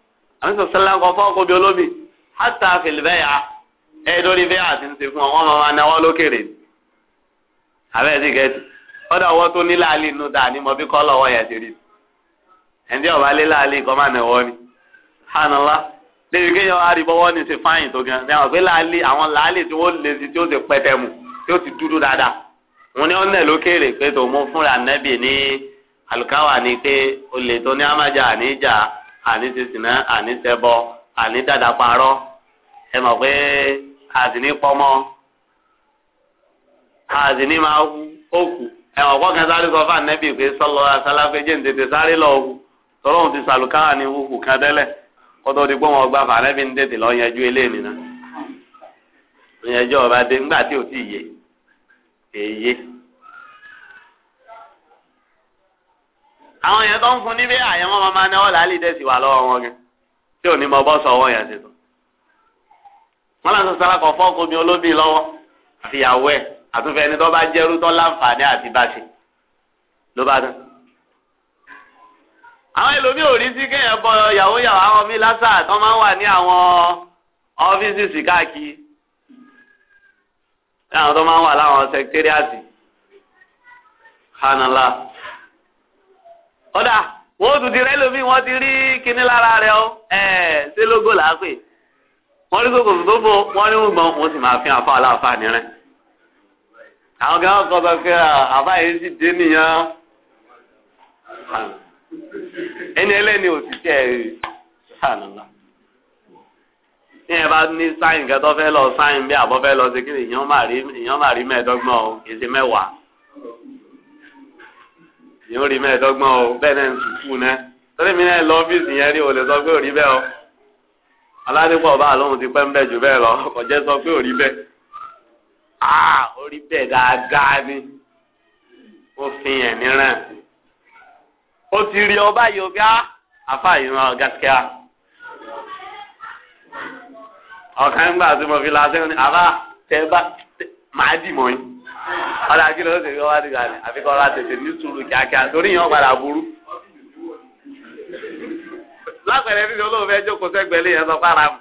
àwọn sọ̀rọ̀ sẹ́lá ń kọ́ fún ọkọ̀ bí olómi hátà fìlìbẹ́yà ẹ̀ lórí bẹ́yà ti ń ṣe fún ọ wọ́n máa náwó lókèrè ni àbẹ́ẹ̀ sì kẹ́tì ọ̀dọ̀ ọwọ́ tó ní láàlì inú dáa ní mọ bí kọ́ lọ́wọ́ yẹn ti rí i ẹ̀ndí ọ̀bá lé láàlì kọ́ máa náwó ni hànàlá débi kéèyàn á rí bọ́wọ́ ní ti fáyìn tó gan ní pé láàlì àwọn láàlì tí wọ́n lè sí tí ó ti pẹtẹmù tí ó ti dúdú dáadáa àní sísìnà àní sẹ́bọ ẹ mọ̀ pé àzìní pọ́mọ́ àzìní máa wú òkú ẹ pé sọlọ asálàfẹ́ jẹ́ ǹtẹ̀tẹ̀ sáré lọ òkú ti ní wúkú kan tẹ́lẹ̀ kótó di gbọ́mọ̀ gbà fún ànẹ́bí ǹtẹ̀tẹ̀ lọ yanjú eléyìí náà yanjú ọba dé ńgbà tí àwọn èèyàn tó ń fún níbí àyẹ̀mọ́ máa máa ní ọ̀là àlìdẹ́sì wà lọ́wọ́ wọn gan tí ò ní mọ bọ́sọ̀ wọn yẹn ṣe tó. wọn làǹtọ̀ sára kọ̀ fọ́ọ̀kù mi olóbì lọ́wọ́ àtìyàwó ẹ̀ àtúnfẹ́ ẹni tó bá jẹ́rú tó láǹfààní àti báṣe ló bá dán. àwọn ẹlòmíì ò rí sí kéèyàn bọ yàwó yàwó àwọn mi lásà tó máa ń wà ní àwọn ọ́fíìsì káàkiri àwọn tó máa ń wà láwọn sẹkítẹ́rìàtì ọ̀dà wọ́n tún ti rẹ́ lómi wọ́n ti rí kinní lára rẹ̀ ọ́ ẹ̀ẹ́ ṣé lógo là á pè wọ́n rí kòkòrò tó bò wọ́n rí gbọ̀n wọ́n sì máa fi àfa aláfa ní àwọn kan kọ́ sọ pé àfa yìí ti dé nìyẹn ẹni ẹlẹ́ni ò sì tẹ̀ ẹ́ ní ẹ bá ní sáyìn kẹtọ fẹ́ lọ sáyìn bí àbọ fẹ́ lọ sí kí èèyàn má má rí mẹ́ẹ̀ẹ́dọ́gbọ̀n o kì í ṣe mẹ́wàá yóò rí mẹ́ẹ̀ẹ́dọ́gbọ̀n o bẹ́ẹ̀ náà ń sùkú náà torí mi náà lọ ọ́fíìsì yẹn rí o lè sọ pé ò rí bẹ́ẹ̀ o aládìpọ̀ ọba àlóhùn ti pẹ́ ń bẹ̀ jù bẹ́ẹ̀ lọ kò jẹ́ sọ pé ò rí bẹ́ẹ̀ a ò rí bẹ́ẹ̀ dáadáa ni ó fi yẹn níran ó ti rí ọba yìí ọgá àfààyè náà gàkíá gbà tí mo fi la sẹ́yìn ní àbá tẹ́ bá máa dì mọ́ yín ọ̀là kí ló ṣe kí wọ́n dìgbà ni àfi kọ́ ra tètè ní sùúrù kíákíá torí yẹn padà burú. lápẹ̀rẹ̀ ní olóòfin fẹ́ jókòó sẹ́gbẹ̀ẹ́ lè yẹn sọ fara mu.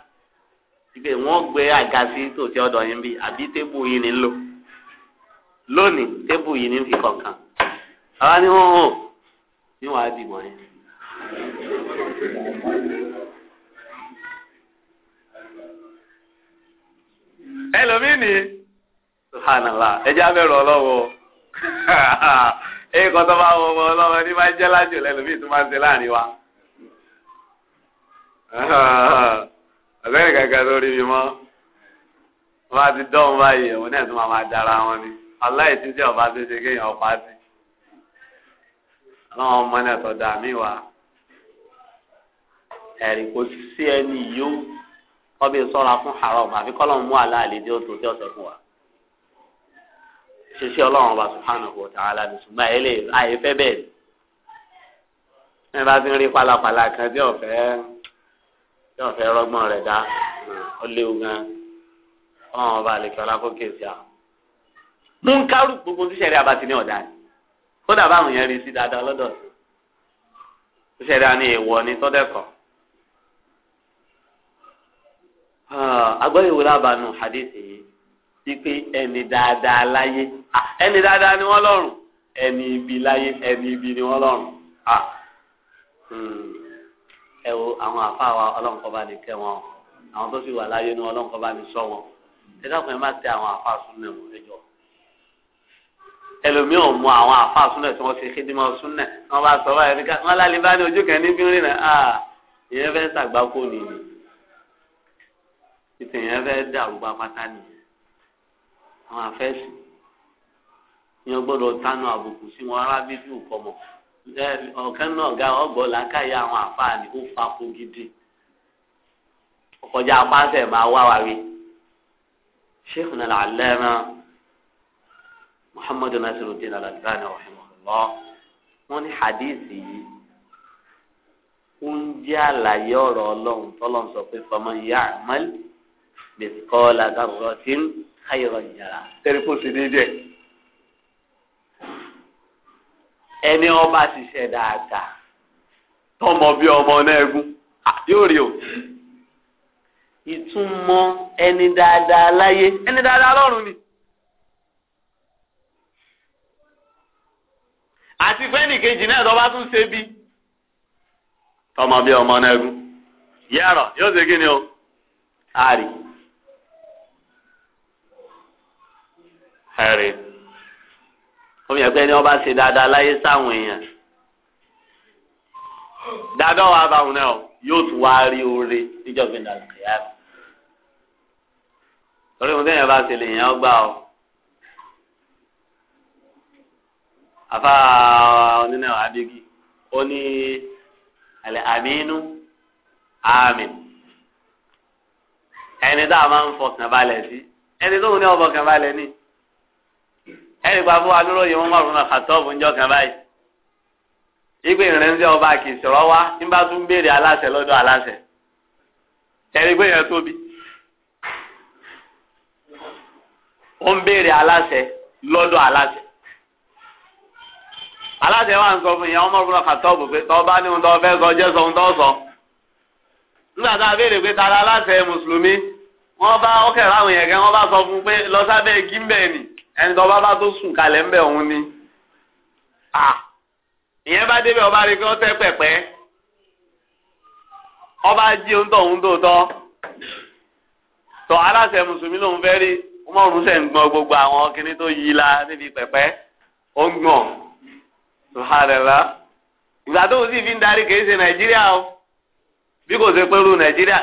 ibẹ̀ wọ́n gbé àga sí tòsí ọ̀dọ̀ yín bí àbí tébù yìí ni lò lónìí tébù yìí ni fi kọ̀ọ̀kan. àwa ni wọ́n hàn ní wàá dìbò yẹn. ẹlòmíì nìyí subhanallah ẹ jẹ́ abẹ́rù ọlọ́wọ́ èyí kan tó bá wọ ọmọ ọlọ́wọ́ ní máa ń jẹ́ lájò lẹ́lòmíì tó máa ń ṣe láàrin wa. ọ̀gbẹ́ni kankan lórí mi mọ́ wọ́n bá ti dọ́hùn báyìí òun náà tún máa máa dára wọn ni aláì tí jẹ́ ọba tó ṣe kéèyàn ọba sí. àwọn ọmọ náà tọ́ da mí wá ẹ̀rí kò sí ẹni yóò wọ́n sọ́ra fún haram àfi kọ́lọ́ mú aláàlẹ́ dé ó tó ọ̀sẹ̀ fún wa ṣíṣe ọlọ́run ọba subhanahu wa ta'ala ní ṣùgbọ́n ẹ lè àyè fẹ́ bẹ́ẹ̀ ni. ẹ bá ti ń rí palapala kan tí ọ̀fẹ́ tí ọ̀fẹ́ rọgbọ́n rẹ̀ dá ọ léwu gan ọlọ́run ọba àlekí ọlákókè sí a. mú ń kárù gbogbo tíṣẹ̀ rí abatí ní ọ̀dà ni kódà báwọn yẹn rí sí dáadáa lọ́dọ̀ sí tíṣẹ̀ rí a ní èèwọ̀ ní tọ́dẹ̀kọ̀. agbọ́yẹ̀wò ah, lábàánú hadith ipe ẹni dáadáa láyé ẹni dáadáa ni wọ́n lọ́rùn ẹni ibi láyé ẹni ibi ni wọ́n lọ́rùn hmm. ẹ wo àwọn àfa wa ọlọ́nkọ́ bá wọn àwọn tó sì wà láyé ni ọlọ́nkọ́ bá ní sọ wọn ẹ dákun ẹ má tẹ àwọn àfa súnlẹ̀ wọn lẹ́jọ́ ẹlòmíì ò mọ àwọn àfa súnlẹ̀ tí wọ́n fi kédìmọ̀ súnlẹ̀ wọ́n bá sọ wáyé rí ká wọ́n lálẹ́ bá ní ojú kan ní bí rìn náà ìyẹn fẹ́ sàgbákò nìyí ìtẹ̀yẹn fẹ́ dàrú pátá nìyí àwọn afẹ́sì yẹn gbọ́dọ̀ tánú àbùkù sí wọn ará bíbí òkọmọ ọ̀kan náà ga ọgbọ́n làákàyè àwọn àfáàní ó fapò gidi ọkọjá apáṣẹ máa wá wa rí sheikh nala alẹ́mà muhammadu nasiruddin aladani rahimahullah wọn ní hadithi yìí ó ń jẹ́ àlàyé ọ̀rọ̀ ọlọ́run tọ́lọ́run sọ pé faman ya'mal mithqala dharratin káyọ̀ ìyàrá tẹ́lẹ̀ kó sì ní dẹ̀. ẹni ọba ṣiṣẹ́ dáadáa tọmọ bí ọmọ náà gún yóò rí o. ìtumọ̀ ẹni dáadáa láyé ẹni dáadáa lọ́run ni. àti fẹ́nìkejì náà tọ́ba tún ṣe bí. tọmọ bí ọmọ náà gún yàrá yóò ṣe kí ni o. a ẹ̀rí omi ẹ̀gbẹ́ ni wọ́n bá ṣe dáadáa láyé sáwọn èèyàn dáadáa wà báwọn náà yóò tún wá rí oore níjọba ìdàgbà ìyá rẹ̀ lórí mo bẹ́ẹ̀ bá ṣe lè yàn ọ́ gbà ọ́ afa onínà abigi ó ní alẹ́ àmínú ẹni tá a máa ń fọkàn balẹ̀ sí ẹni tó ń ní ọ̀fọkàn balẹ̀ ni ẹ̀rí pàbó wa lóró yìí wọ́n mọ̀ fún àtọ́ọ̀bù ńjọ́ kan báyìí. ìgbé ìrìnsẹ̀ ọba kì í sọ̀rọ̀ wá ń bá tún béèrè aláṣẹ lọ́dọ̀ aláṣẹ. ẹ̀rí pé yẹn tóbi. ó ń béèrè aláṣẹ lọ́dọ̀ aláṣẹ. aláṣẹ wa ń sọ fún ìyẹn ọmọ fún àtọ́ọ̀bù pé tọ́ bá ní ohun tó fẹ́ sọ jẹ́ sọ ohun tó sọ. nígbà tá a béèrè pé ta aláṣẹ mùsùlùmí wọ́n bá ọkẹ́ láwọn yẹn kẹ́ wọ́n bá sọ fún pé lọ sábẹ́ gímbẹ̀ ni. ẹni tó bá bá tó sùn kalẹ̀ ń bẹ̀ òun ni ìyẹn bá débẹ̀ ọba rí ó tẹ́ pẹ̀pẹ́ ọba jí ohun tó ohun tó tọ́ tọ́ aláṣẹ mùsùlùmí lòun fẹ́ rí ọmọọ̀rún sẹ̀ ń gbogbo àwọn kinní tó yí la níbi pẹ̀pẹ́ ó ń gbọ̀n ìgbà tó sì fi ń darí kì í ṣe nàìjíríà o bí kò ṣe nàìjíríà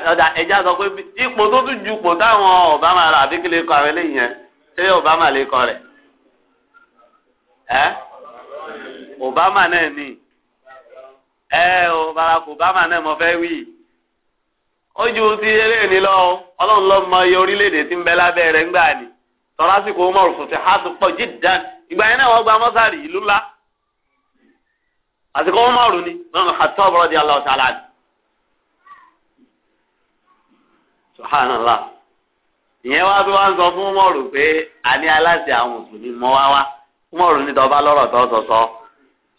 ṣé obama lè kọ rẹ ẹ́ obama náà ni ẹ o barack obama náà mo fẹ́ wí ojú ti eré ni lọ ọlọ́run lọ mọ iye ti tí ń bẹ lábẹ́ rẹ̀ ńgbà ni tọ́lásìkò umar ha tó pọ̀ ìgbà yẹn náà gba ìlú ńlá àsìkò umar ni lọ́nà Khattab radiyallahu ta'ala subhanallah. ìyẹn wá bí wọ́n ń sọ fún mọ́rù pé àní aláṣẹ àwọn mùsùlùmí mọ́ wá wá mọ́rù ní tọ́ba lọ́rọ̀ tó sọ̀sọ́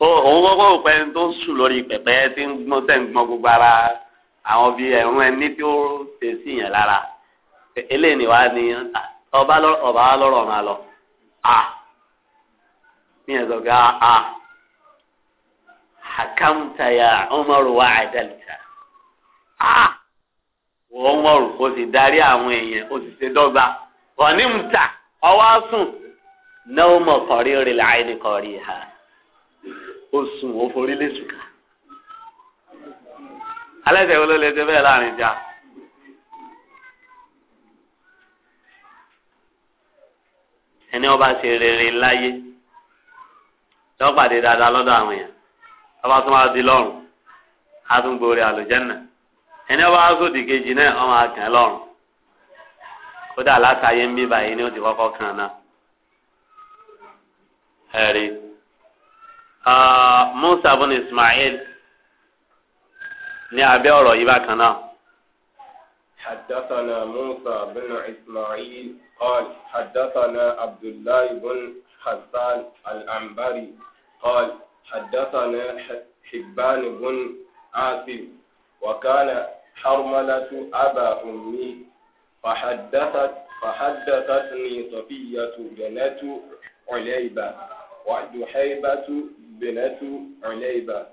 òun kọ́kọ́ pẹ́ tó sùn lórí pẹ̀pẹ́ tí ń gbọ́n tẹ̀ ń gbọ́n gbogbo ara àwọn bíi ẹ̀rún ẹni tí ó ṣe sí yẹn lára eléyìí ni wàá ní ọba lọ́rọ̀ máa lọ a ní ẹ̀sọ́ gá a hakamtaya Umaru wa adalta a wọ́n mọ̀rù ó sì darí àwọn èèyàn ó sì ṣe dọ́gba ọ̀nìmùtà ọwọ́ sùn náà mọ̀ kọ̀rí rẹ̀ láì ní kọ̀rí ha ó sùn ó forí lé sùkà. alẹ́ tẹ̀wé ló lè ṣe bẹ́ẹ̀ láàrin jà. ẹni ọba ṣe rere láyé lọ́pàdé dáadáa lọ́dọ̀ àwọn èèyàn ọba tún wá di lọ́rùn á tún gbòòrè àlùjẹ́nà ẹni ọba sódì kejì náà ọmọ akàn lọ́rùn kódà látàyé ń bí báyìí ni ó ti kọ́kọ́ kàn náà ẹ̀rí Musa bin Ismail ní abẹ́ ọ̀rọ̀ yìí bákan náà. حدثنا موسى بن إسماعيل قال حدثنا عبد الله بن حسان الأنبري قال حدثنا حبان بن عاصم وكان حرملة أبا أمي فحدثت فحدثتني صفية بنت عليبة وجحيبة بنت عليبة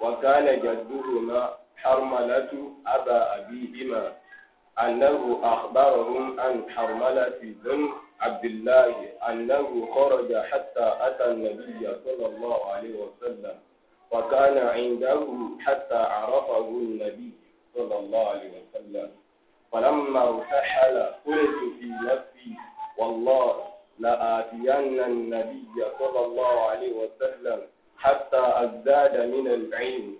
وكان جدهما حرملة أبا أبيهما أنه أخبرهم أن حرملة بن عبد الله أنه خرج حتى أتى النبي صلى الله عليه وسلم وكان عنده حتى عرفه النبي صلى الله عليه وسلم فلما ارتحل قلت في نفسي والله لآتين النبي صلى الله عليه وسلم حتى أزداد من العلم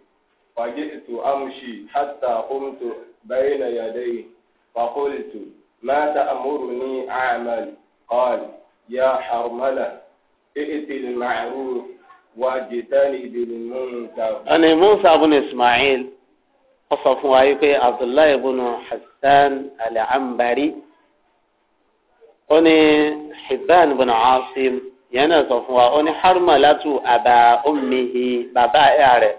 فجئت أمشي حتى قمت بين يديه فقلت ما تأمرني أعمل قال يا حرملة ائت المعروف واجتني بالمنكر أنا موسى بن إسماعيل wọ́n sọ fún wa yìí pé abdullahi ibùnú hasan al-ambari ó ní hibban ibùnú asim yẹn náà sọ fún wa ó ní harmalatu aba ummihi bàbá ẹ̀yà rẹ̀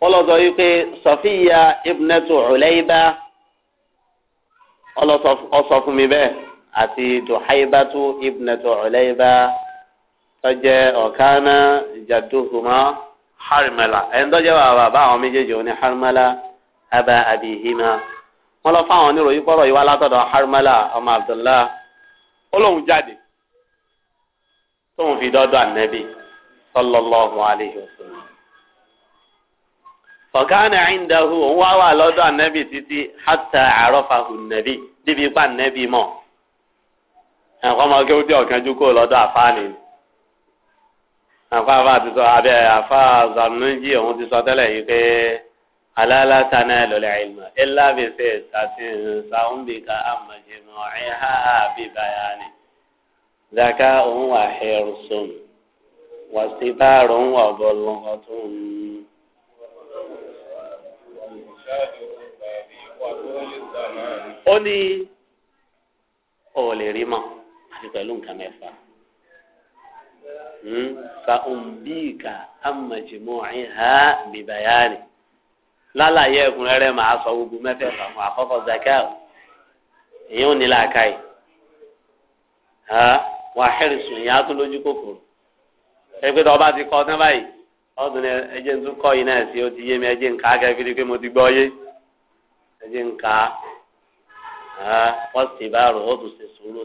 wọ́n lọ sọ yìí pé sọfíya ibùnẹ́tù ọ̀lẹ́yìnbá ọsọ fún mi bẹ́ẹ̀ àti duhaibatu ibùnẹ́tù ọ̀lẹ́yìnbá tọ́jẹ́ ọ̀kánà jàdúhùmá harimala ẹnitọ́jẹ́ bàbá bá àwọn méjèèjì òní harimala abba abihima wọn lọ fáwọn oníròyìn kọ́rọ̀ yìí wá látọ̀dọ̀ harimala ọmọ abdullah ó lóun jáde tóun fi dọ́dọ̀ ànẹ́bí sallallahu alayhi wa sallam fọ̀kánà ìndahu òun wá wà lọ́dọ̀ ànẹ́bí títí hatta àrọ́fàhù nẹ́bí níbi ipá nẹ́bí mọ̀ ẹ̀kọ́ ọmọ kí ó dé ọ̀kan jókòó lọ́dọ̀ àfáàní àfa àfa ti sọ abẹ àfa zanunji òun ti sọ tẹ́lẹ̀ yìí pé alala tana lọlẹ ilma illa bi se sasin sahun bi ka amaji mọ ẹha bi bayani zaka òun wà hẹrùsùn wà síbáàrù òun wà bọlùn ọtún. ó ní ọ̀ lè rí mọ́ àti pẹ̀lú nǹkan mẹ́fà. fàùnbíìkà àmàjìmọ̀ọ́ìhà bìbáyàrì lálàyé ẹ̀kúnrẹ́rẹ́ màá sọ gbogbo mẹ́fẹ̀ẹ̀fà fún àkọ́kọ́ zakat èyí ò ní làákàyè wà hẹ́rìsùn ìyá tó lójú kòkòrò ẹgbẹ́ tó ọba ti kọ́ tán báyìí ọdún ẹjẹ́ tó kọ́ yìí náà sí ó ti yé mi ẹjẹ́ e nǹka kẹfìrí pé mo ti gbọ́ yé ẹjẹ́ wọ́n bá rò ó tún ṣe sùúrù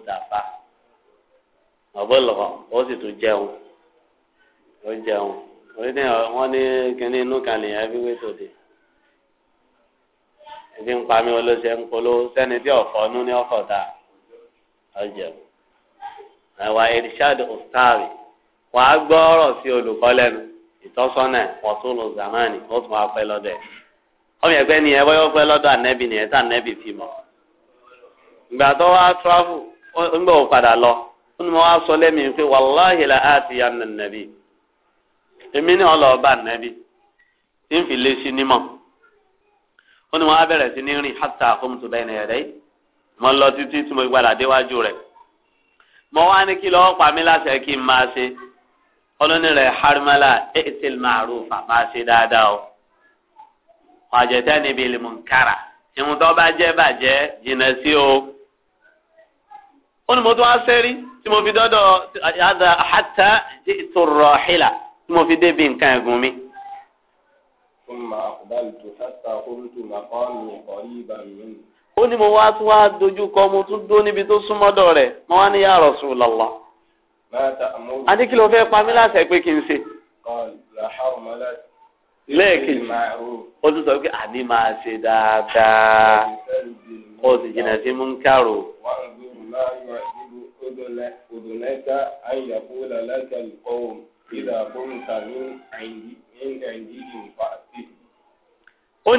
ọ̀bọ̀lọ̀ ó sì tún jẹun ó jẹun orí ní wọ́n ní kíní inú kan lè yẹn fi wé tòde ẹbí ń pa mí olóṣè ń polówó sẹ́ni tí ọ̀fọ̀ nú ní ta ó jẹun ustari wàá gbọ́ ọ̀rọ̀ sí olùkọ́ lẹ́nu ìtọ́sọ́nà ọ̀tún zamani ó tún wá pẹ́ lọ́dọ̀ ẹ̀ ọmọ ẹgbẹ́ ni ẹ bọ́yọ́ pẹ́ lọ́dọ̀ ànẹ́bì ni ànẹ́bì lọ wọn mọ wá sọ lẹ́mìí pé wàláhì la àti ya nà nàbí èmi ní ọlọ́ọ̀bá nàbí tí ń fi lé sí nímọ̀ wọn ni wọn á bẹ̀rẹ̀ sí ní rìn hàtà àkómùtò bẹ́ẹ̀ nìyẹn rẹ̀ mọ lọ títí tí mo gbàdá déwájú rẹ̀ mọ wá ní kí lọ́wọ́ pa mí láṣẹ kí n máa ṣe ọlọ́ni rẹ̀ harimala ẹ̀ẹ́sìl màrúfà máa ṣe dáadáa o wàjẹ̀tẹ́ níbi ìlú mùnkárà ìmùtọ́ bá jẹ́ bàjẹ́ jìnnà sí o. ó ní wá sẹ́rí tí mo fi dọ́dọ̀ àdá àhàtà tó rọ̀ tí mo fi débi nǹkan ẹ̀gùn mi. ó ní mo wá tún wá dojú kọ mo tún dó níbi tó súnmọ́dọ̀ rẹ̀ mo wá ya Rasulullah. a kí ló fẹ́ pa mí láṣẹ pé kí n ṣe. lẹ́ẹ̀kejì ó tún sọ pé àní máa ṣe dáadáa ó sì ما يعجب أذنك أن يقول لك القوم إذا كنت من عندي من عندهم o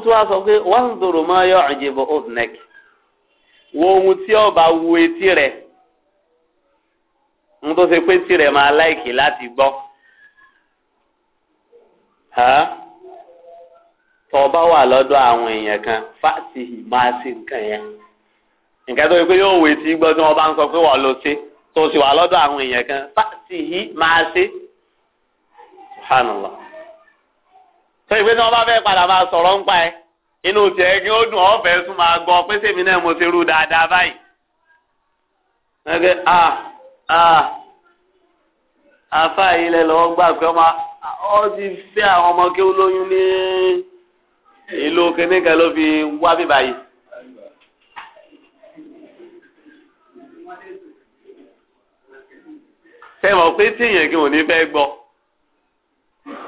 tún wá sọ pé wọ́n ń zòrò máa yọ àjẹbọ wo ohun tí ọba wu etí rẹ̀ ń tó ṣe pé etí rẹ̀ máa láìkì láti gbọ. tọba wà lọ́dọ̀ àwọn èèyàn kan máa ṣe nǹkan yẹn. nǹkan tó yẹ pé yóò wé tí gbọ́ tí wọ́n bá ń sọ pé wọ́n lọ sí tó sì wà lọ́dọ̀ àwọn èèyàn kan fásitì yìí máa ṣe subhanallah tó yẹ pé tí wọ́n bá fẹ́ padà máa sọ̀rọ̀ ń pa ẹ inú tiẹ̀ kí ó dùn ọ̀fẹ́ tún máa gbọ́ pé sèmi náà mo ti rú dáadáa báyìí. ẹgbẹ́ a a afa ilẹ̀ lọ́wọ́ gbà pé ọmọ ọ ti fẹ́ àwọn ọmọ kí ó lóyún ní ìlú kìnnìkan ló fi wá bíbáyìí. ṣé mọ̀ pé tíyẹn kí wọn ní fẹ́ gbọ́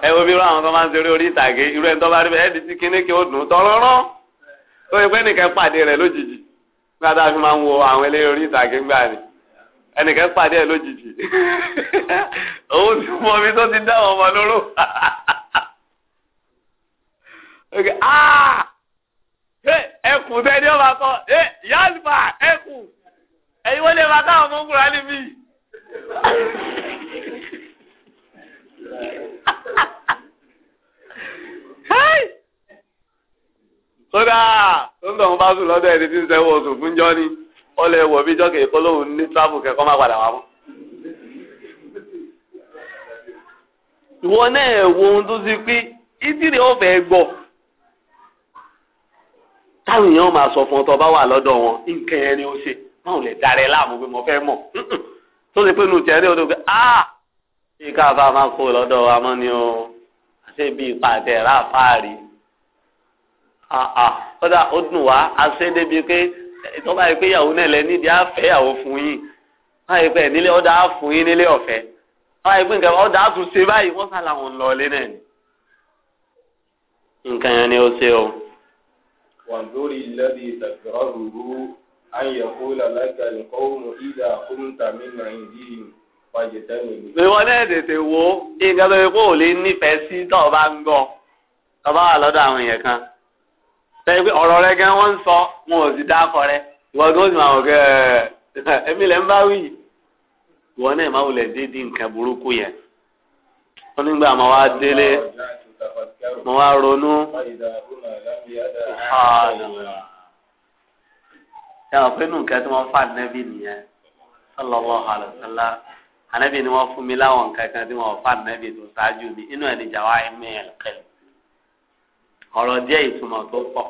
ẹ wo bí irú àwọn tó máa ń ṣeré orí ìtàgé irú ẹni tó bá rí bẹ́ẹ̀ ẹni tí kinní kí ó dùn tọ́rọ́rọ́ tó yẹ pé ẹnìkan pàdé rẹ̀ lójijì nígbà tá a fi máa ń wo àwọn eléré orí ìtàgé ńgbà ni ẹnìkan pàdé ẹ̀ lójijì òun ti mọ omi tó ti dá àwọn ọmọ lóró ah! ẹkùn tẹ́ni ọba kan yálùbá ẹkùn ẹ̀yin wọlé bàtà ọmọ nkùnrin níbí kódà tó ń tọ̀hún bá sùn lọ́dọ̀ ẹni tí ń sẹ́wọ́ oṣù fún jọ́ ni ó lè wọ̀ bí jọ́kè kó ní tíráfù kẹ́kọ́ má padà wá mọ́. ìwọ náà wo ohun tó ti pín ìdílé ó fẹ́ gbọ́ táwọn èèyàn máa sọ fún ọ bá wà lọ́dọ̀ wọn nǹkan yẹn ó ṣe máa lè darẹ̀ láàmú pé mo fẹ́ mọ̀ tó ti pé nu tẹ̀lé o tó pé a ah, bí káfa máa kó lọ́dọ̀ wa mọ́ ni o àti bí ìpàdé rà fáàrí kódà ah, ah. ó dùn wá a ṣe débi pé ìtọ́ba yìí pé ìyàwó náà lẹ nídìí á fẹ́ ìyàwó fún yín báyìí pé nílé ọ̀dà á fún yín nílé ọ̀fẹ́ báyìí pé nǹkan ọ̀dà á tún ṣe báyìí wọ́n sá làwọn lọ ilé náà ni nǹkan yẹn ni ó ṣe o. wà lórí ìlẹ́bi ìtàkùrọ̀ rúurú أن يقول لك القوم إذا قمت من عندهم ìwọ náà tètè wo nǹkan tó yẹ kó o lè nífẹ̀ẹ́ sí tó o bá ń gbọ́ tó o bá wà lọ́dọ̀ àwọn èèyàn kan tẹ́lẹ̀ pé ọ̀rọ̀ rẹ gan wọ́n ń sọ wọn ò sì dákọ rẹ ìwọ tó sì máa wò kẹ́ ẹ̀ ẹ̀mí lẹ́ ń bá wí ìwọ náà máa wulẹ̀ dédé nǹkan burúkú yẹn wọ́n nígbà máa wá délé máa wá ronú ẹ ọ pé nùkẹ́ tí wọ́n fà nẹ́bí nìyẹn sallallahu alaihi wasallam ànẹ́bí ni wọ́n fún mi láwọn nǹkan kan tí wọ́n fà nẹ́bí tó ṣáájú mi inú ẹ̀ ní jàwá ẹ̀mí ẹ̀ lọ́kẹ́lẹ̀ ọ̀rọ̀ díẹ̀ ìtumọ̀ tó pọ̀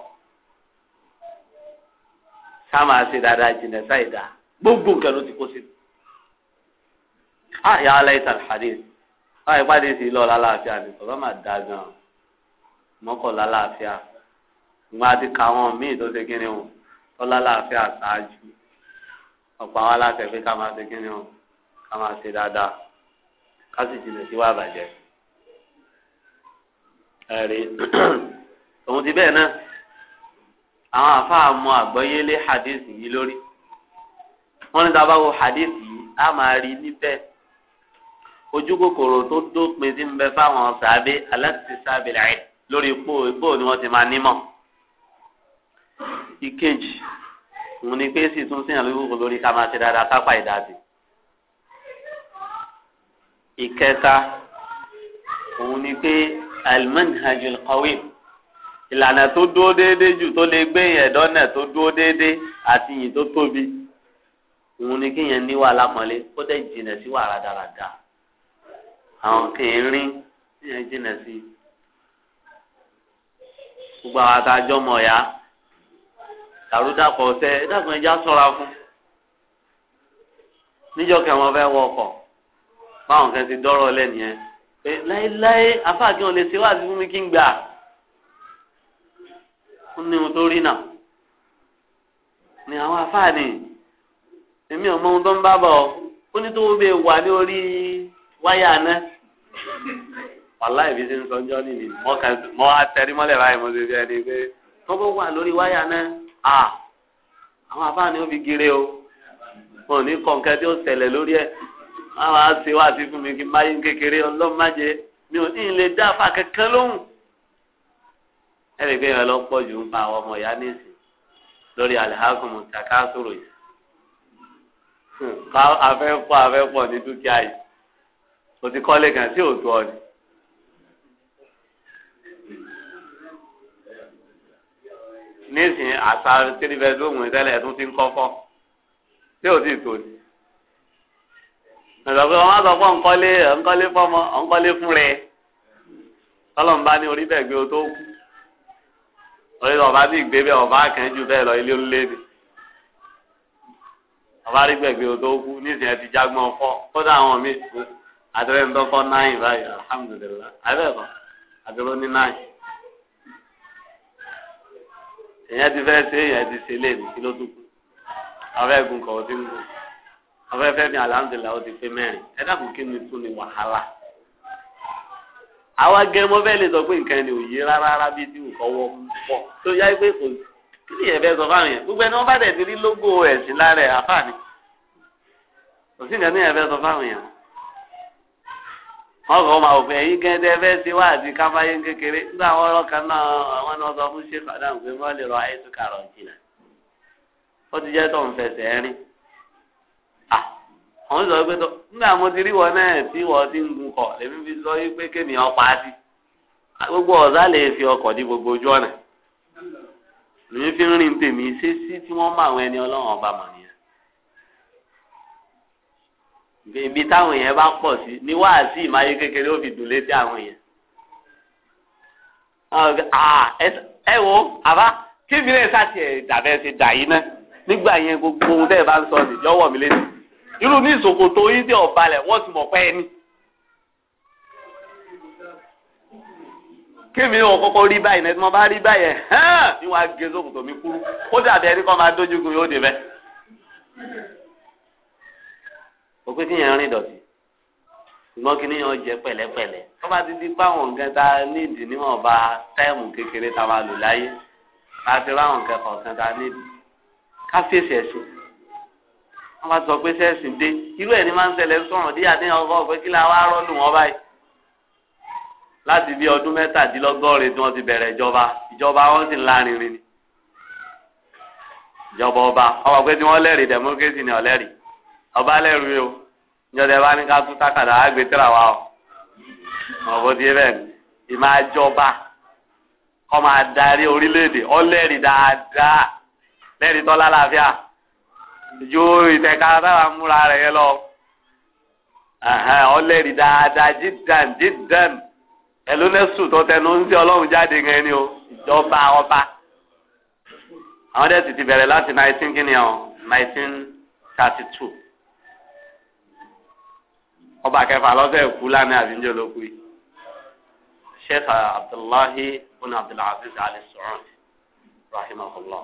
sáàmà ṣe dáadáa jìnnà sáìdá gbogbo nǹkan ló ti kó sí i. ah yàrá lẹ́yìn tàbí hadith wọ́n ah, yẹ pàdé sí lọ́ọ̀lá láàfíà ni bàbá máa da gan-an mọ́kànlá láàfíà ìgbà àti kàwọn míì tó ṣe kí wọn ọlá láàfin àṣáájú ọ̀pọ̀ àwọn aláṣẹ̀fẹ́ ká máa ṣe kíni o ká máa ṣe dáadáa ká sì jìnnà sí wàá bàjẹ́. ẹ̀rí òun ti bẹ́ẹ̀ náà àwọn àfáà mọ àgbọ́yélé hadith yìí lórí wọ́n ní tá a bá wo hadith yìí a máa rí níbẹ̀ ojú kòkòrò tó dópin sí ń bẹ fáwọn sàbẹ aláṣẹ sábẹ láì lórí ipò ìbò ni wọ́n ti máa nímọ̀ ìkejì òun ni pé sì tún sí àlọ́ ìwòkò lórí ká máa ṣe dáadáa kápá ìdáàbì ìkẹta òun ni pé almanhajul qawim ìlànà tó dúró déédéé jù tó lè gbé yẹn dọ́nà tó dúró déédéé àti yìí tó tóbi òun ni kéèyàn ní wàhálà pọ́nlé kó dẹ̀ jìnà sí wàhálà dáradá àwọn kéèyàn rí kéèyàn jìnà sí gbogbo àwọn àtàjọ mọ̀ ya dàrúdàpọ̀ ọ̀tẹ́ ẹ dàgbọ́n ẹja sọ́ra fún níjọ́ kẹwọn fẹ́ wọ ọkọ̀ báwọn kan ti dọ́rọ̀ lẹ́nu yẹn pé láéláé afáàkì wọn lè ṣe wáàsí fún mi kí n gbà ó ní ohun tó rí náà ni àwọn afáàní èmi ò mọ ohun tó ń bá bọ̀ ó ní tó bẹ́ẹ̀ wà ní orí wáyà náà wàhálà ìbí ti ń sọ ọjọ́ nìyí mọ́ àtẹrímọ́lẹ̀ báyìí mo ṣe fi ẹni pé wọ́n bọ́ wà lórí wáyà náà. a àwọn ni ó fi gire o wọn ò ní kọ̀ǹkẹ́ tí ó lórí ẹ̀ wọn máa ṣe wá fún mi kí n máa yín kékeré ọlọ́run mi ò ní lè dá afa kankan lóhùn ẹnì pé ìrànlọ́ pọ̀ jù ń pa àwọn ọmọ ìyá nísì lórí alihakumu yìí afẹ́ pọ̀ afẹ́ pọ̀ ní nísìnyí àṣà tírí bẹ́ẹ̀dúrúmù tẹ́lẹ̀ ẹ̀tún ti ń kọ́kọ́ tí ò sì tó ni. ìdọ̀gbẹ́ wọn sọ fún ọ̀nkọ́lé ọ̀nkọ́lé fọmọ ọ̀nkọ́lé fún rẹ̀ tọ́lọ̀mùbá ní orí bẹ́ẹ̀ gbé o tó kú. orí ọba tí ìgbé bẹ́ẹ̀ ọba kàn jù bẹ́ẹ̀ lọ ilé olúlé ni. ọba rí bẹ́ẹ̀ gbé o tó kú nísìnyí ti jágbọ́n fọ́ kódà àwọn míì àtẹ̀rẹ́ ń dọ́kọ́ náà èèyàn ti fẹ́ ṣe èèyàn ti ṣe léèmí kí ló tún kù afẹ́ gun kọ̀ ó ti ń gùn afẹ́ fẹ́ mi ó ti pé mẹ́rin ẹ kí ni tún ni wàhálà. àwa gẹ mo fẹ́ lè sọ pé nǹkan ni òye rárá rárá bíi tí nǹkan wọ́ pọ̀ tó yá pé kò kí ni ìyẹn fẹ́ sọ fáwọn yẹn gbogbo ẹni wọ́n bá tẹ̀ ti lógo ẹ̀sìn lára ẹ̀ àfáàní kò sí nǹkan ní ìyẹn sọ fáwọn yẹn wọn ma máa wò pé ẹ̀yin gẹ́gẹ́ fẹ́ ṣe wá àti káfáyé kékeré nígbà àwọn ọlọ́kan náà àwọn ni wọ́n sọ fún ṣéfà náà pé wọ́n lè rọ àìsù kàrọ̀ ti jẹ́ tó ń fẹsẹ̀ rìn àwọn sọ na tó nígbà mo ti rí wọn náà tí wọ́n ti ń gun kọ̀ lèmi fi sọ yí gbogbo na. fi ọba ma. ibi táwọn èèyàn bá pọ̀ sí ni wáàsí ìmáyé kékeré ó fi dùn létí àwọn èèyàn. ẹ wo àbá kí mi lè sáà tiẹ̀ dàbẹ́ ṣe dà yín náà nígbà yẹn gbogbo ohun tẹ́ ẹ bá ń sọ ní yọ̀wọ̀ mi létí irú ní ìsòkòtò yín tí ọ̀ba lẹ̀ wọ́n ti mọ̀ pẹ́ ẹni. kí mi ò kọ́kọ́ rí báyìí náà tí mo bá rí báyìí ẹ̀ hàn ní wàá gé sòkòtò mi kúrú ó dàbí ẹni kọ́ máa dójú gun yóò dé bẹ́ẹ̀ o pé kínyẹn rìn dọ̀tí ṣùgbọ́n kí níyàn jẹ pẹ̀lẹ́pẹ̀lẹ́ tó bá ti di báwọn nǹkan tá a nídìí níwọ̀n bá táìmù kékeré tá a máa lò láyé tá a ti ráwọn nǹkan kọ̀ọ̀kan tá a nídìí ká fèsì ẹ̀sìn wọ́n bá sọ pé sẹ́ẹ̀sìn dé irú ẹ̀ ní máa ń ṣẹlẹ̀ sọ̀rọ̀ díẹ̀ àti ọkọ̀ ọ̀fẹ́ kí làwọn arọ́ lù wọ́n báyìí láti bí ọdún mẹ́tàdínlọ́gọ́rin tí wọ́n ti bẹ̀rẹ̀ ìjọba ìjọba wọn sì ń lárinrin ni ìjọba ọba ọmọ pé tí wọ́n lẹ́rìí democracy ni ọ̀lẹ́rìí ọba lẹ́rù yìí o ìjọba ẹ̀bá ní ká tún tákàdá àgbẹ̀tẹ̀rà wa o ọ̀bọ̀ tí ẹ bẹ́ẹ̀ ni ìmọ̀ àjọba kọ́ máa darí orílẹ̀-èdè ọlẹ́rìí dáadáa lẹ́rìí tọ́lá láàfíà ju ìtẹ̀ka táwa múra rẹ̀ yẹn lọ ọlẹ́rìí dáadáa jíjàn jíjàn ẹlónẹ́sù tó tẹnu ń sí ọlọ́run jáde yẹn ni o ìjọba ọba àwọn dẹ́sì ti bẹ̀rẹ̀ láti nineteen kìnìún nineteen thirty two ọba kẹfà lọ́sẹ̀ kú lánàá àbíjọ́ ló kú yìí sheikh abdullahi bin abdulaziz ali sọ̀rọ̀ rahimahullah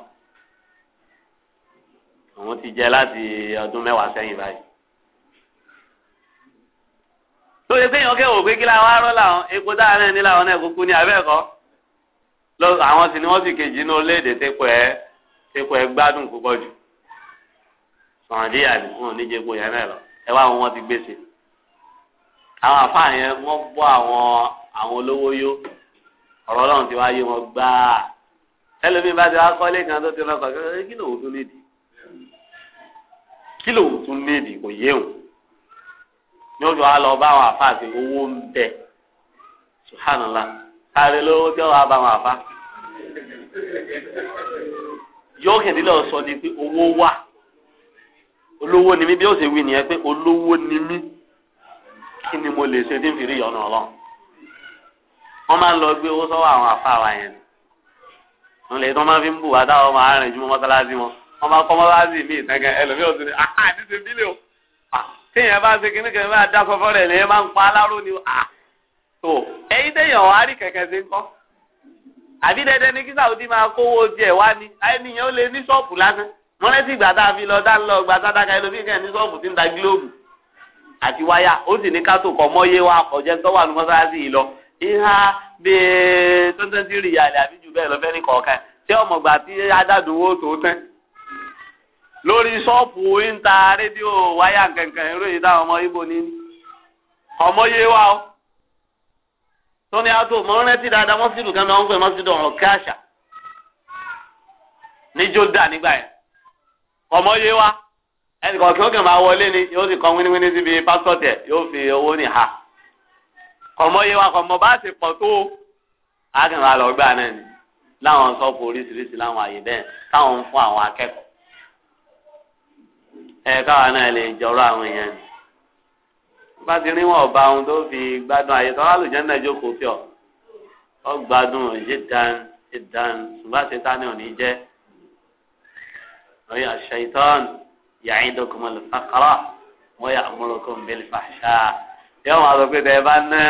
òun ti jẹ láti ọdún mẹ́wàá sẹ́yìn báyìí. lóye sẹ́yìn ọkẹ́ òògbé kí láwọn arọ́ làwọn epo dáa náà ní làwọn náà kúkú ní abẹ́ẹ̀kọ́ lọ àwọn sì ni wọ́n sì kejì ní orílẹ̀-èdè tẹ́kọ̀ ẹ́ tẹ́kọ̀ ẹ́ gbádùn púpọ̀ jù. sọ̀rọ̀ díyà ní jẹ́ epo yẹn náà lọ ẹ wá wọn ti gbèsè àwọn àfáà yẹn wọ́n bọ́ àwọn àwọn olówó yó ọ̀rọ̀ ọlọ́run ti wá yé wọn gbáà ẹlòmíín bá ti wá kọ́lé kan tó ti lọ kọ̀ kí kí lòun tún nídìí kí lòun tún nídìí kò yé òun ní oṣù wa lọ bá àwọn àfáà sí owó ń bẹ subhanallah sáré lówó tí wọ́n bá àwọn àfáà yóò kẹ̀dílẹ̀ sọ ni pé owó wà olówó ni mí bí ó ṣe wí nìyẹn pé olówó ni mí kí ni mo lè ṣe tí n fi rí ìyọnu ọlọ́run wọ́n máa ń lọ gbé owó sọ́wọ́ àwọn àfa wa yẹn wọn lè tí wọ́n máa fi ń bù wá táwọn máa rìn ju mọ́sálásí wọn wọ́n máa kọ́ mọ́sálásí mi ìtẹ́gẹ́ ẹlòmíràn ti ní àhà ní ti bílẹ̀ o ah, téèyàn bá ṣe kíní kẹ́kẹ́ bá dákọ̀ fọ́rẹ̀ lẹ́yìn máa ń pa aláró ni a ah, tó ẹyin téèyàn wá rí kẹ̀kẹ́ sí ń kọ́ àbí dẹdẹ ní kí sàwùdí máa kówó tiẹ̀ wá ní ẹnìyàn ó lè ní ṣọ́ọ̀bù lásán mọ́lẹ́sì gbàtà fi lọ dá lọ gbàtà dáka ẹlòmíràn ní da gílóòbù àti wáyà ó sì ní kátó kọ mọ́yé wa kọjá tó wà ní mọ́sálásí yìí lọ ìhà bíi tuntun ti rí ìyàlẹ̀ àbí jù bẹ́ẹ̀ lọ fẹ́ ní kọ̀ọ̀kan ọmọ gbà tí adádùnwó tó tán lórí ṣọ́ọ̀pù ìta rédíò wáyà kankan eré táwọn ọmọ ibo ní wa o tó ní rántí dáadáa mọ́sídùú kan náà ń pè mọ́sídùú ọ̀rọ̀ nígbà yẹn wa. ẹnì kan kí ó kàn máa wọlé ni yóò sì kọ́ wíníwíní síbi pásítọ̀tì yóò fi owó ní ha kọ̀mọ́ yé wa kọ̀mọ́ bá ti pọ̀ tó a kàn máa lọ gbà náà ni láwọn sọ́ọ̀pù oríṣiríṣi láwọn àyè bẹ́ẹ̀ táwọn ń fún àwọn akẹ́kọ̀ọ́ ẹ káwa náà lè jọrọ àwọn èèyàn ni bá ti rí wọn ọba ohun tó fi gbádùn àyè tó lálùjẹ́ náà jókòó fíọ̀ ọ gbádùn ìdán ìdán ṣùgbọ́n àṣetánì ò ní jẹ́ ọ̀yà ṣàìtọ́nù ya'idukum al-faqra wa ya'murukum bil-fahsha yóò máa sọ pé tẹ ẹ bá ná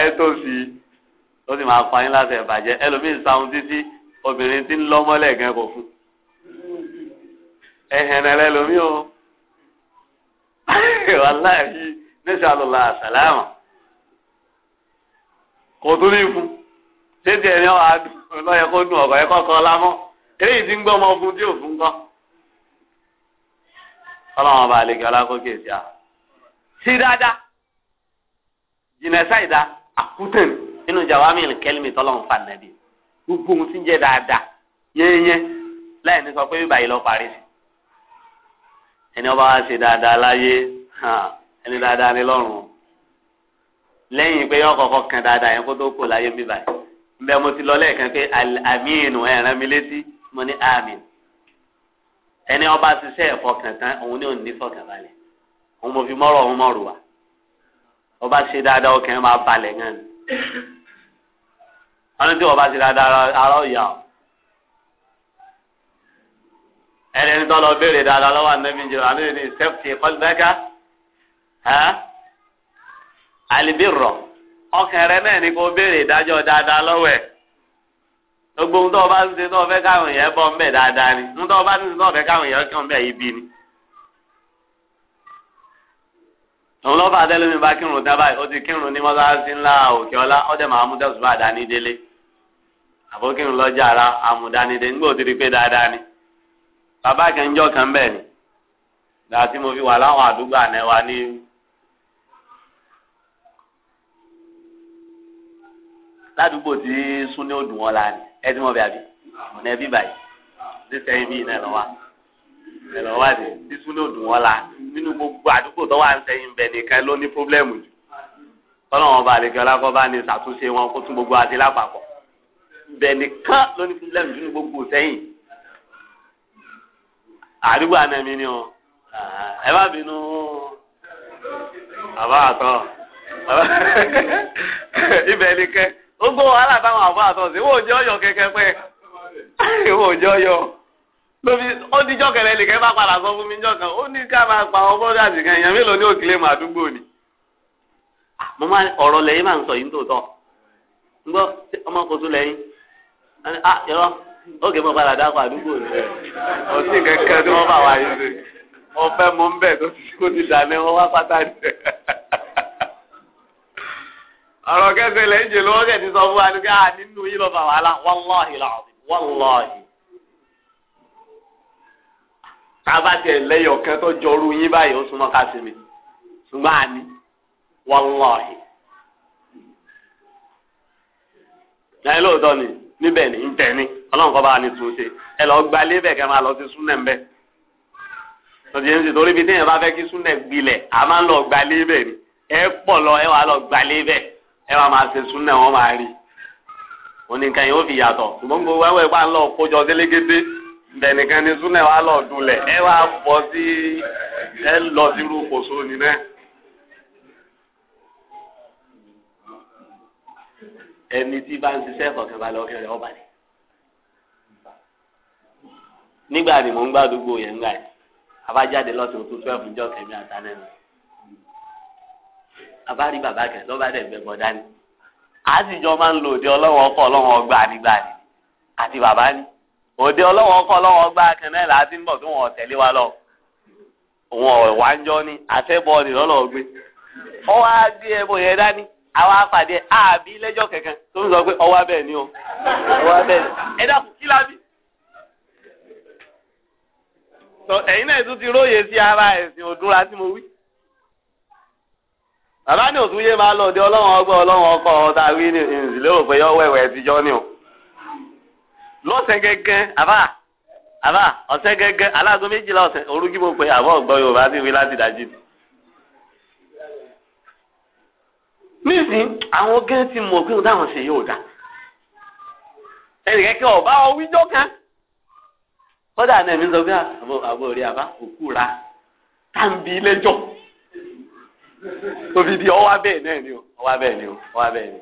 ẹ tó sí ó sì máa pa yín láti ẹ̀bàjẹ́ ẹlòmíín sáwọn títí obìnrin tí ń lọ́mọ́lẹ̀ gan kò fún ẹ̀hẹ̀n rẹ̀ lómi o wàláhì nísàlùlà àsàlámà kò tún ní fún ṣé tiẹ̀ ní ọ̀ lọ́yẹ̀ kó dùn ọ̀gọ̀ ẹ̀kọ́ kan lámọ́ eléyìí ti ń gbọ́ ọmọ ogun tí ò fún kan. ọlọ́run ọba àlejò alákòókè sí a sí dáadáa jìnnà nínú jàwámi kẹlímì tọ́lọ́run gbogbo ohun ti ń jẹ́ dáadáa yẹ́nyẹ́ láì sọ pé bíbá yìí lọ parí sí ẹni ọba wa ṣe dáadáa láyé ẹni dáadáa ní lẹ́yìn pé yọ kan dáadáa yẹn kó tó kò láyé ẹni ọba ṣiṣẹ́ ìfọkàntán òun ní òní fọkànbalẹ̀ òun mo fi mọ́rọ̀ òun mọ́rù wa ọba ṣe dáadáa ọkàn máa balẹ̀ gan ni wọn tí ọba ṣe dáadáa ara ọ̀yà ọ ẹni tó lọ béèrè dáadáa lọ́wọ́ ànábì jẹ́ àmì ní sẹ́fìtì kọ́lbẹ́ká alibirọ ọkàn rẹ náà ni kò béèrè ìdájọ́ dáadáa lọ́wọ́ ẹ̀ gbogbo ohun tó o bá ń ṣe tó o fẹ́ káwọn èèyàn bọ̀ ń bẹ̀ dáadáa ni ohun tó o bá ń ṣe tó o fẹ́ káwọn èèyàn kàn bẹ̀ ibi ni. òun lọ́ba adẹ́lẹ́mi bá kírun dábàá ó ti kírun ní mọ́sáàsì ńlá òkè ọlá ó dẹ̀ máa mú dẹ́sùn bá dání délé àbó kírun lọ́jà ara àmúdánidé ńgbà ó ti rí pé dáadáa ni. bàbá kan jọ kan bẹ́ẹ̀ ni dàtí mo fi wà láwọn àdúgbò ànẹ́wà ládùúgbò tí súnni ó dùn wọn la ẹ ti mọ bí àbí ọ̀nà ẹbí báyìí ṣíṣe ibi iná ẹ̀rọ wa ẹ̀rọ wa ni sísun ló dùn wọ́n la nínú gbogbo àdúgbò tó wà ń sẹ́yìn bẹ̀ nìkan ló ní pírọ́blẹ́mù jù kọ́lọ́wọ́n bá àlejò ọlákọ́ bá ní ṣàtúnṣe wọn kó tún gbogbo àti lápapọ̀ bẹ̀ nìkan ló ní pírọ́blẹ́mù jù ní gbogbo sẹ́yìn àdúgbò ànàmí ni o ẹ má bínú àbá àtọ ibẹ̀ nìkan. gbogbo wàhálà táwọn àbá àtọ̀sí ìwọ òjò ọyọ kẹkẹ pẹ e òjò ọyọ lóbi ó díjọ́ kẹlẹ́ nìkan bá padà sọ fún mi jọ kan ó ní ká máa pa ọmọ bọ́dà sí kan èèyàn mélòó ní òkèlè mà àdúgbò ni. mo máa ọ̀rọ̀ lẹ́yìn máa ń sọ yìí tó tọ̀ ń gbọ́ ọmọkòtò lẹ́yìn ah yọrọ mo padà dákọ̀ àdúgbò ni ọtí kẹkẹ tí ọ̀rọ̀ kẹsẹ̀ lẹ́yìn jẹ́ lọ́wọ́ kẹ́ ti sọ fún wa ni ká ah, nínú yìí wàhálà wàláhì làwọn wàláhì. tába tiẹ̀ lẹ́yìn ọ̀kẹ́ tó jọrú yín báyìí ó súnmọ́ ká sí mi àní wàláhì. ni ni ń ni ọlọ́run kọ́ bá wa ní tún ṣe ẹ gba lébẹ̀ kẹ́ máa lọ sí súnẹ̀ tọ́jú yẹn ń torí téèyàn bá fẹ́ kí súnẹ̀ gbilẹ̀ ẹ wàá máa ṣe súnà wọn máa rí oníkan yìí ó fi yàtọ̀ ṣùgbọ́n gbogbo wẹ́wẹ́ wà lọ kójọ délégédé bẹ̀nìkan ni súnà wà lọ dulẹ̀ ẹ wàá bọ́ sí ẹ lọ sírú kòsó ni náà. ẹni tí bá ń ṣiṣẹ́ kọ̀ọ̀kan balẹ̀ ọkẹ́ rẹ̀ ọba nígbà ni mò ń gbàdúgbò yẹn ń gbà yẹn abájáde lọ́sọ̀tún twelve ìjọ kẹ̀mí àtàlẹ́ náà àbárí bàbá kan lọ́ba dẹ̀ bẹ bọ̀ dání àtijọ́ máa ń lo òde ọlọ́wọ́ ọkọ̀ ọlọ́wọ́ ọgbà nígbà ni àti bàbá ni òde ọlọ́wọ́ ọkọ̀ ọlọ́wọ́ ọgbà kan náà láti ń bọ̀ tó wọn tẹ̀lé wa lọ wọn ò wá ń jọ ni àtẹ́bọ̀ ni lọ́lọ́ gbé ọwọ́ á gbé ẹbọ yẹn dání àwọn apàdé àbí lẹ́jọ́ kankan tó ń sọ pé ọwọ́ abẹ́ ni o ọwọ́ abẹ́ ni ẹ dákun kí lábí. ẹ̀yin náà tún bàbá ní òtún yé máa lòdì ọlọ́run ọgbọ́n ọlọ́run ọkọ ọ̀tá wí ní ìzìlẹ̀ òpè yọ wẹ̀wẹ̀ ẹ̀tijọ́ ni o lọ́sẹ̀ gẹ́gẹ́ àbá àbá ọ̀sẹ̀ gẹ́gẹ́ aláàgọ́ méjìlá ọ̀sẹ̀ orúkí mo pè àbọ̀ ọ̀gbọ́n yorùbá sì wí láti dájú ti. nísìnyí àwọn gẹ́gẹ́ ti mọ̀ pé táwọn ṣe yóò dá ẹnì kẹ́kẹ́ ọ̀bá ọwíjọ́ kan kódà náà mi sọ pé àbò àbò rí àbá òkú ra táǹbì lẹ́jọ́ tóbi di ọwọ́ abẹ́ náà ni o ọwọ́ abẹ́ ni o ọwọ́ abẹ́ ni.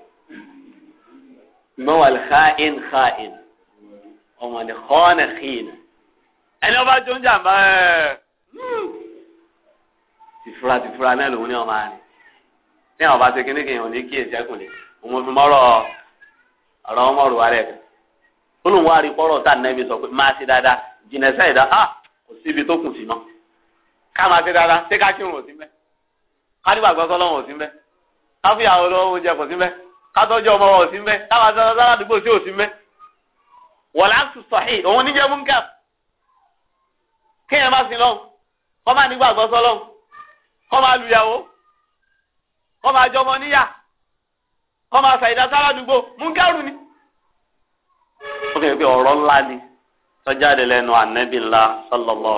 mọ́wàlì xain xain ọmọdé xọ́ọ̀nà xìnà ẹni ọba jó ń jàmbá ẹ̀ hmm. tìfura tìfura náà lòun ní ọmọ àárín ní àwọn ọba ṣe kíní kìnyìn ní kí èsì ẹkùnlé òun fi mọ́rọ̀ ọ̀rọ̀ ọmọ rò wá rẹ̀ kù ó lóun rí pọ́rọ̀ tá nẹ́bí sọ pé máa ṣe dáadáa jìnnà sẹ́yìn dá ah, kò síbi tó kù sí náà ká máa ṣe dáadáa ṣé ká kírun ò kánígbà gbọ́sọ́ lọ́wọ́ sí mbẹ́ káfíà olówó oúnjẹ kò sí mbẹ́ kátọ́jú ọmọ wọn sí mbẹ́ káwá sára sára sí ò sí wọ̀lá tù sọ̀hìn òun níjẹ́ múńkà kéèyàn má sin lọ́wọ́ kọ́ máa nígbà gbọ́sọ́ lọ́wọ́ kọ́ máa lùyàwó kọ́ máa jọmọ níyà kọ́ máa sàyídá sára àdúgbò múńkà rù ni. ó kẹ́ pé ọ̀rọ̀ ńlá ni sọ́jáde lẹ́nu ànẹ́bí ńlá sọ́lọ́mọ́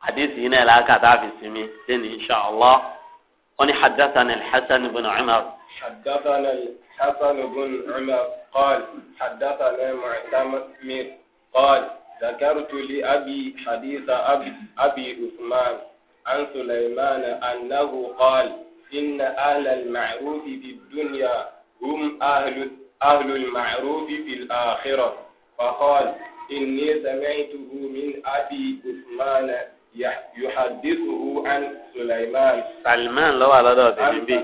حديث هنا لا كتاب اسمي سن إن شاء الله وني حدثنا الحسن بن عمر حدثنا الحسن بن عمر قال حدثنا معتمر قال ذكرت لأبي حديث أبي, أبي عثمان عن سليمان أنه قال إن أهل المعروف في الدنيا هم أهل أهل المعروف في الآخرة فقال إني سمعته من أبي عثمان yuhadithu an Sulaiman. Salman ló wà lọ́dọ̀ tèmi bí.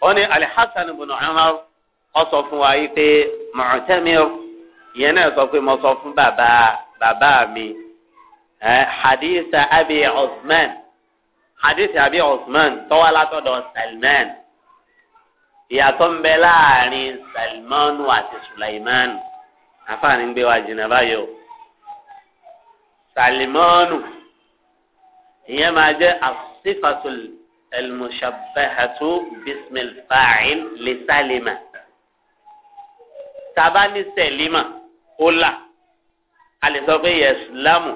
ó ní Al-Hasan ibn Umar ó sọ fún wa yìí pé Mu'tamir ìyẹn náà sọ pé mo sọ fún bàbá bàbá mi hadith Abi Osman hadith Abi Osman tó látọ̀dọ̀ Salman ìyàtọ̀ ń bẹ láàrin Salmanu àti Sulaimanu àfààní gbé wa jìnnà báyìí o ìyẹn máa jẹ́ asifatul elmushabahatu bismil fa'il lisalima tabani sẹlima ó là a lè sọ pé yẹsùlámù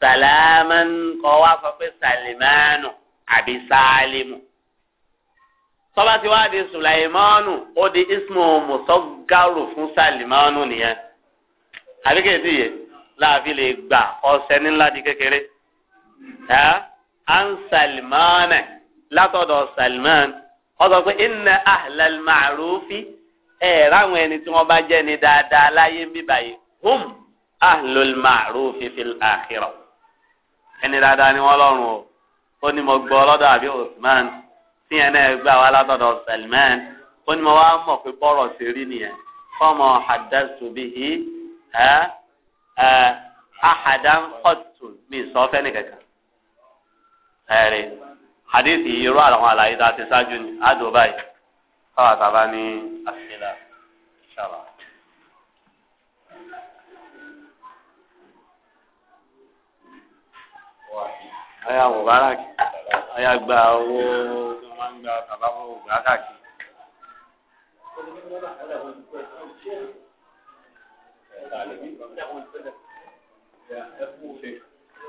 sàlámán kọ́ wá sọ pé sàlìmánù àbí sàlìmù tọ́ba ti wá di sùlàìmánù ó di ismu mùsọ́gàrò fún sàlìmánù nìyẹn àbíkèsí yìí láàfin lè gbà ọ̀sẹ̀ nílá di kékeré ẹ an Salman látọ̀dọ̀ Salman ó sọ pé inna ahlal ma'rufi ẹ ráwọn ẹni tí wọ́n bá jẹ́ ni dáadáa láyé ń bí báyìí hum ahlul ma'rufi fil akhirah ẹni dáadáa ni wọ́n lọ́rùn o ó ní mo gbọ́ lọ́dọ̀ àbí Usman tí yẹn náà gbà wá látọ̀dọ̀ Salman ó ní mo wá mọ̀ pé bọ́rọ̀ ṣe rí nìyẹn fọmọ hadasu bihi ẹ ẹ eh, ahadan kọtù mi sọ fẹ́ nìkankan. ẹ̀rẹ̀ hadith yìí irú àwọn àlàyé tá a ti ṣáájú ni àdó báyìí káwá sábà ní àṣìlá ṣàlá. ọyà mubarak aya gba owó tó máa ń gba bàbá owó gbà káàkiri. Yeah, that's bullshit.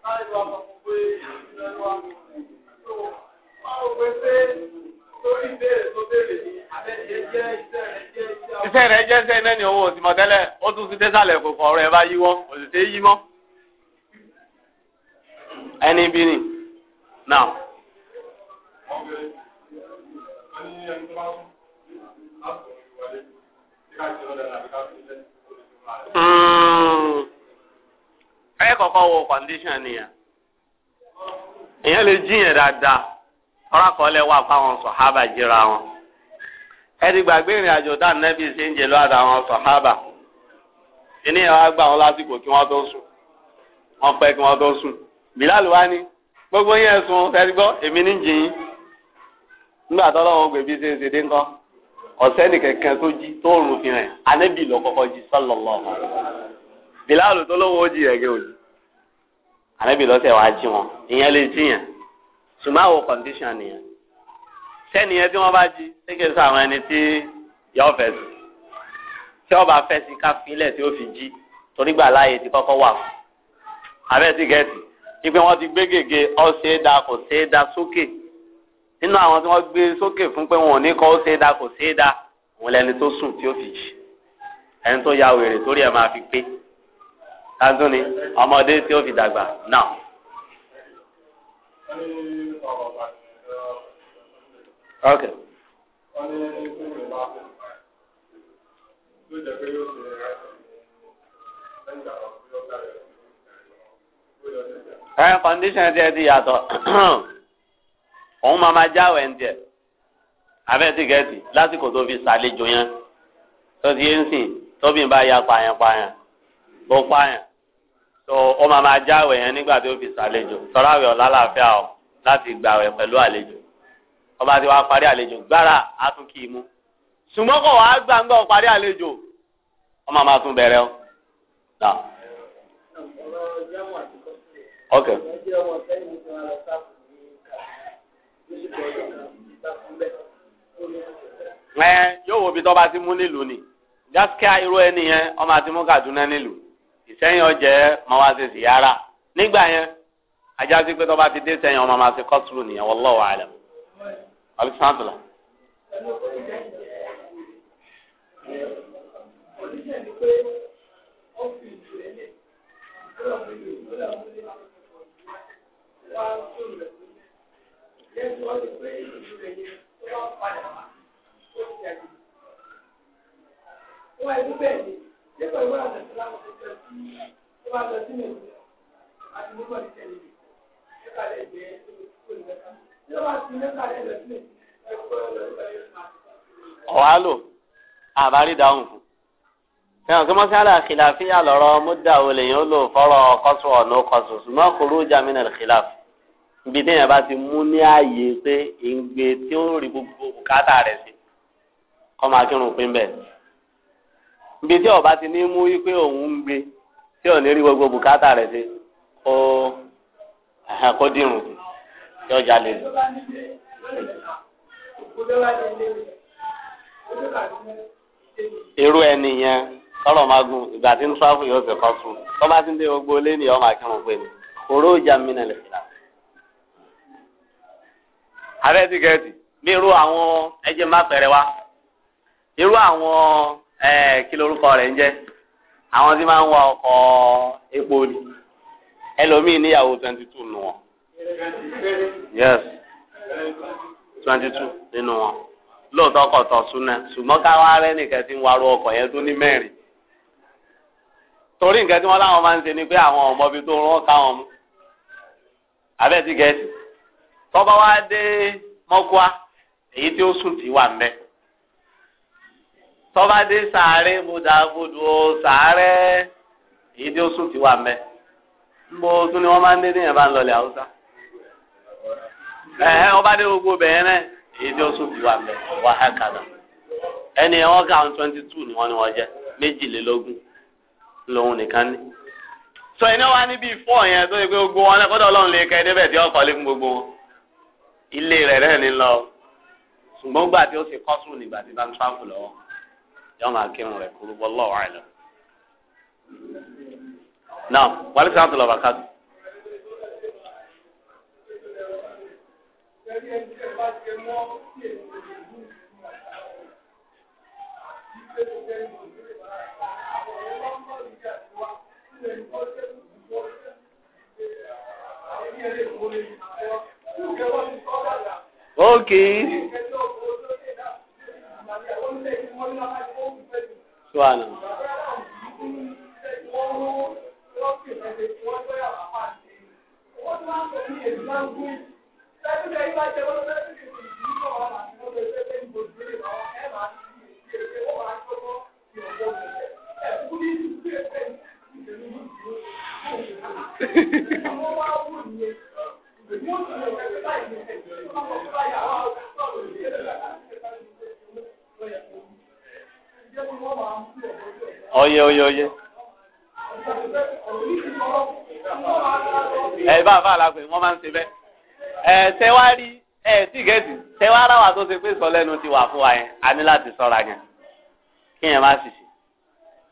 iṣẹ́ rẹ̀ jẹ́ iṣẹ́ iná ni owó òsì mọ̀ tẹ́lẹ̀ ó tún ti désàlẹ̀ kòkò ọ̀rọ̀ ẹ̀ bá yíwọ́ òṣìṣẹ́ yí mọ́ ẹni bí ni now. Mm. ẹ kọ́kọ́ wo condition nìyẹn èèyàn lè jiyàn dáadáa ọlọ́kọ̀ọ́lẹ̀ wà fáwọn sọ̀hábà jíra wọn ẹni gbàgbé ìrìn àjò dá nẹ́bí ṣe ń jẹ lọ́dọ̀ àwọn sọ̀hábà ìní ẹ̀ wá gbà wọn lásìkò kí wọ́n tó sùn kí tó sùn wá ní gbogbo yẹn èmi ní nígbà tó lọ́wọ́ ṣe ń ṣe dé ọ̀sẹ́ tó jí tó rùn fi anẹ́bí bilalu tó lówó ojì yẹn gé òjì àlẹbi lọsẹ wàá jí wọn ìyẹn lè jí yẹn ṣùgbọ́n àwọn kọndíṣàn nìyẹn sẹni yẹn tí wọn bá jí ṣéke sọ àwọn ẹni tí yọ fẹ́ sí tí ọba fẹ́ sí ká filẹ̀ tí ó fi jí torí gbà láàyè ti kọ́kọ́ wà fún abẹ ti gẹẹsì ipe wọn ti gbé gègé ọsẹ da kò ṣe é sókè nínú àwọn tí wọn gbé sókè fún pé wọn ò ní kọ ọsẹ da kò ṣe é òun lẹni tó sùn tí ó fi jí ẹni tó ya wèrè torí ẹ máa fi pé. tàdún ni ọmọdé tí ó fi dàgbà náà. ok. ẹ kọ́ndíṣọ̀n tiẹ̀ ti yàtọ̀ òun máa ma ń tiẹ̀ gẹ̀ẹ́tì lásìkò tó fi yẹn tó ti yé tó ó máa máa já àwẹ̀ yẹn nígbà fi sàlejò sọ̀rọ̀ àwẹ̀ ọ̀la láti gbà àwẹ̀ pẹ̀lú àlejò ọba ti wá parí àlejò gbára á tún kì í mú sùmọ́kọ̀ wàá parí àlejò ọ máa máa tún bẹ̀rẹ̀ ok. ẹ yóò wo ti mú nílùú ni irú ẹni yẹn mú nílùú. ìsẹ́yìn ọ̀jẹ̀ máa wá sí nígbà yẹn ajá sí pé tó ti dé sẹ́yìn ọmọ máa ṣe kọ́sùrù nìyẹn nígbà ìwé àtẹ̀sí láwọn tó fẹ́ sí tó bá lọ sí nàìjíríà àti nígbà tí tẹ̀lé mi nígbà lè jẹ́ tó lè mẹ́ta tí ó bá ti mẹ́ta lè lọ sí nàìjíríà ẹ̀kọ́ lọ nígbà yóò máa ọ̀há lò àbárí dáhùn fún fẹ́ràn kí mọ́sálà lọ́rọ́ múdà wo lèyìn ó lò fọ́rọ̀ kọ́sù ọ̀nà kọ́sù ṣùgbọ́n kúrú jamina kìláf ibi téèyàn bá ti mú ní ààyè pé ìgbé tí ó rí gbogbo bùkátà rẹ̀ sí kọ́ máa kírun pín bẹ́ẹ̀. ibi tí ọba ti ní mú wípé òun ń gbé tí ò ní rí gbogbo bùkátà rẹ̀ ṣe kó kó tí ọjà lè. irú ẹni yẹn tọrọ máa gun ìgbà tí ń sáfù yóò fi kọ́ sùn ti ń dé gbogbo ilé ni ọmọ akẹ́wọ̀n pé ni nà lè fi bí ẹ kí lorúkọ rẹ̀ ń jẹ́ àwọn tí máa ń wa ọkọ̀ epo ni ẹlòmíì níyàwó twenty two nù wọn yes twenty two nínú wọn lóòótọ́ ọkọ̀ tọ̀ ṣùgbọ́n káwá rẹ nìkan ti ń ọkọ̀ yẹn dún ní mẹ́rin torí nǹkan tí láwọn máa ń ṣe ọmọ tó rán káwọn mú abẹ́ẹ̀tì gẹ̀ẹ́sì tọ́ba dé mọ́kúá èyí tí ó sùn wà tọ́ba dé sàárè mbụ ó sàárè èyí tí ó sùn ti wà mẹ́ nbọ tún ni wọ́n máa ń dé níyẹn bá ń lọlẹ̀ haúsá ẹ̀hẹ́ ọba dé gbogbo bẹ̀yẹn náà èyí tí ó sùn ti wà mẹ́ wà á kàdà ẹni ẹ̀ wọ́n twenty two ni wa yẹn tó pé gbogbo wọn lẹ́kọ́dọ̀ ọlọ́run lè tí ó fún gbogbo yọọ máa kírun rẹ kúrú wallahu a'lam. náà wàlúù sáà tó lọ bàkà tó. Okay. Suwana. Hehehehe ọyẹ ọyẹ ọyẹ ẹ bá bá la pè wọn máa ń ṣe bẹ ẹ tẹwárí ẹ tí gẹẹsì tẹwárá wa tó ṣe pé sọ lẹ́nu ti wà fún wa yẹn a ní láti ṣọ́ra yẹn kí yẹn má ṣiṣẹ́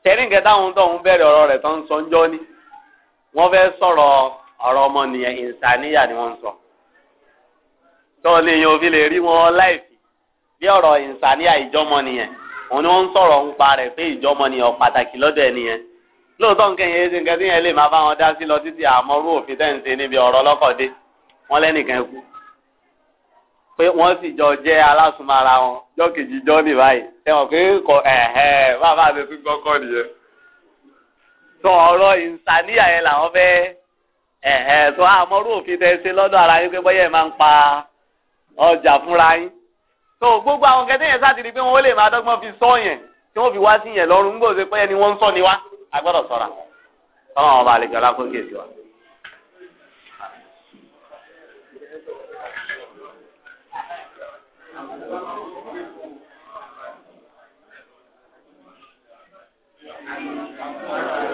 tẹrí nǹkan táwọn tó ń bẹ̀rẹ̀ ọ̀rọ̀ rẹ̀ tó ń sọ ń jọ ni wọ́n fẹ́ sọ̀rọ̀ ọ̀rọ̀ ọmọnìyàn ìsàníyà ni wọ́n ń sọ tó ní yan òbí lè rí wọn láì bí ọ̀rọ̀ ìsàníyà ìjọmọ nìyẹn òun ni wọ́n ń sọ̀rọ̀ ń pa rẹ̀ pé ìjọmọ nìyẹn pàtàkì lọ́dọ̀ ẹ̀ nìyẹn lóòótọ́ nǹkan yẹn ṣe nǹkan tí yẹn lè máa bá wọn dá sí lọ títí àmọ́rú òfin tẹ̀ ń ṣe níbi ọ̀rọ̀ lọ́kọ̀dé wọ́n lẹ́nìkan kú pé wọ́n sì jọ jẹ́ alásùnmára wọn jọ́kejì jọ́ ní báyìí ẹ̀wọ̀n pé kò ẹ̀hẹ́ bàbá mi tún gbọ́kọ̀ nìyẹn sọ ọ̀rọ̀ ìsàníyà yẹn làwọn fẹ́ ẹ̀hẹ́ tó àmọ́rú òfin tẹ̀ ń ṣe lọ́dọ̀ ara yín pé bọ́yẹ̀ máa ń pa ọjà fúnra yín so gbogbo àwọn kẹtẹ yẹn sátìrì pé wọn ó lè máa dọ́gbọ́n fi sọ yẹn tí wọn fi wá sí yẹn lọ́rùn gbòòsè pé ẹni wọn ń sọ ni wá a gbọ́dọ̀ ṣọ́ra Ọlọ́run ọba àlejò alákòókè sí wa. Thank you.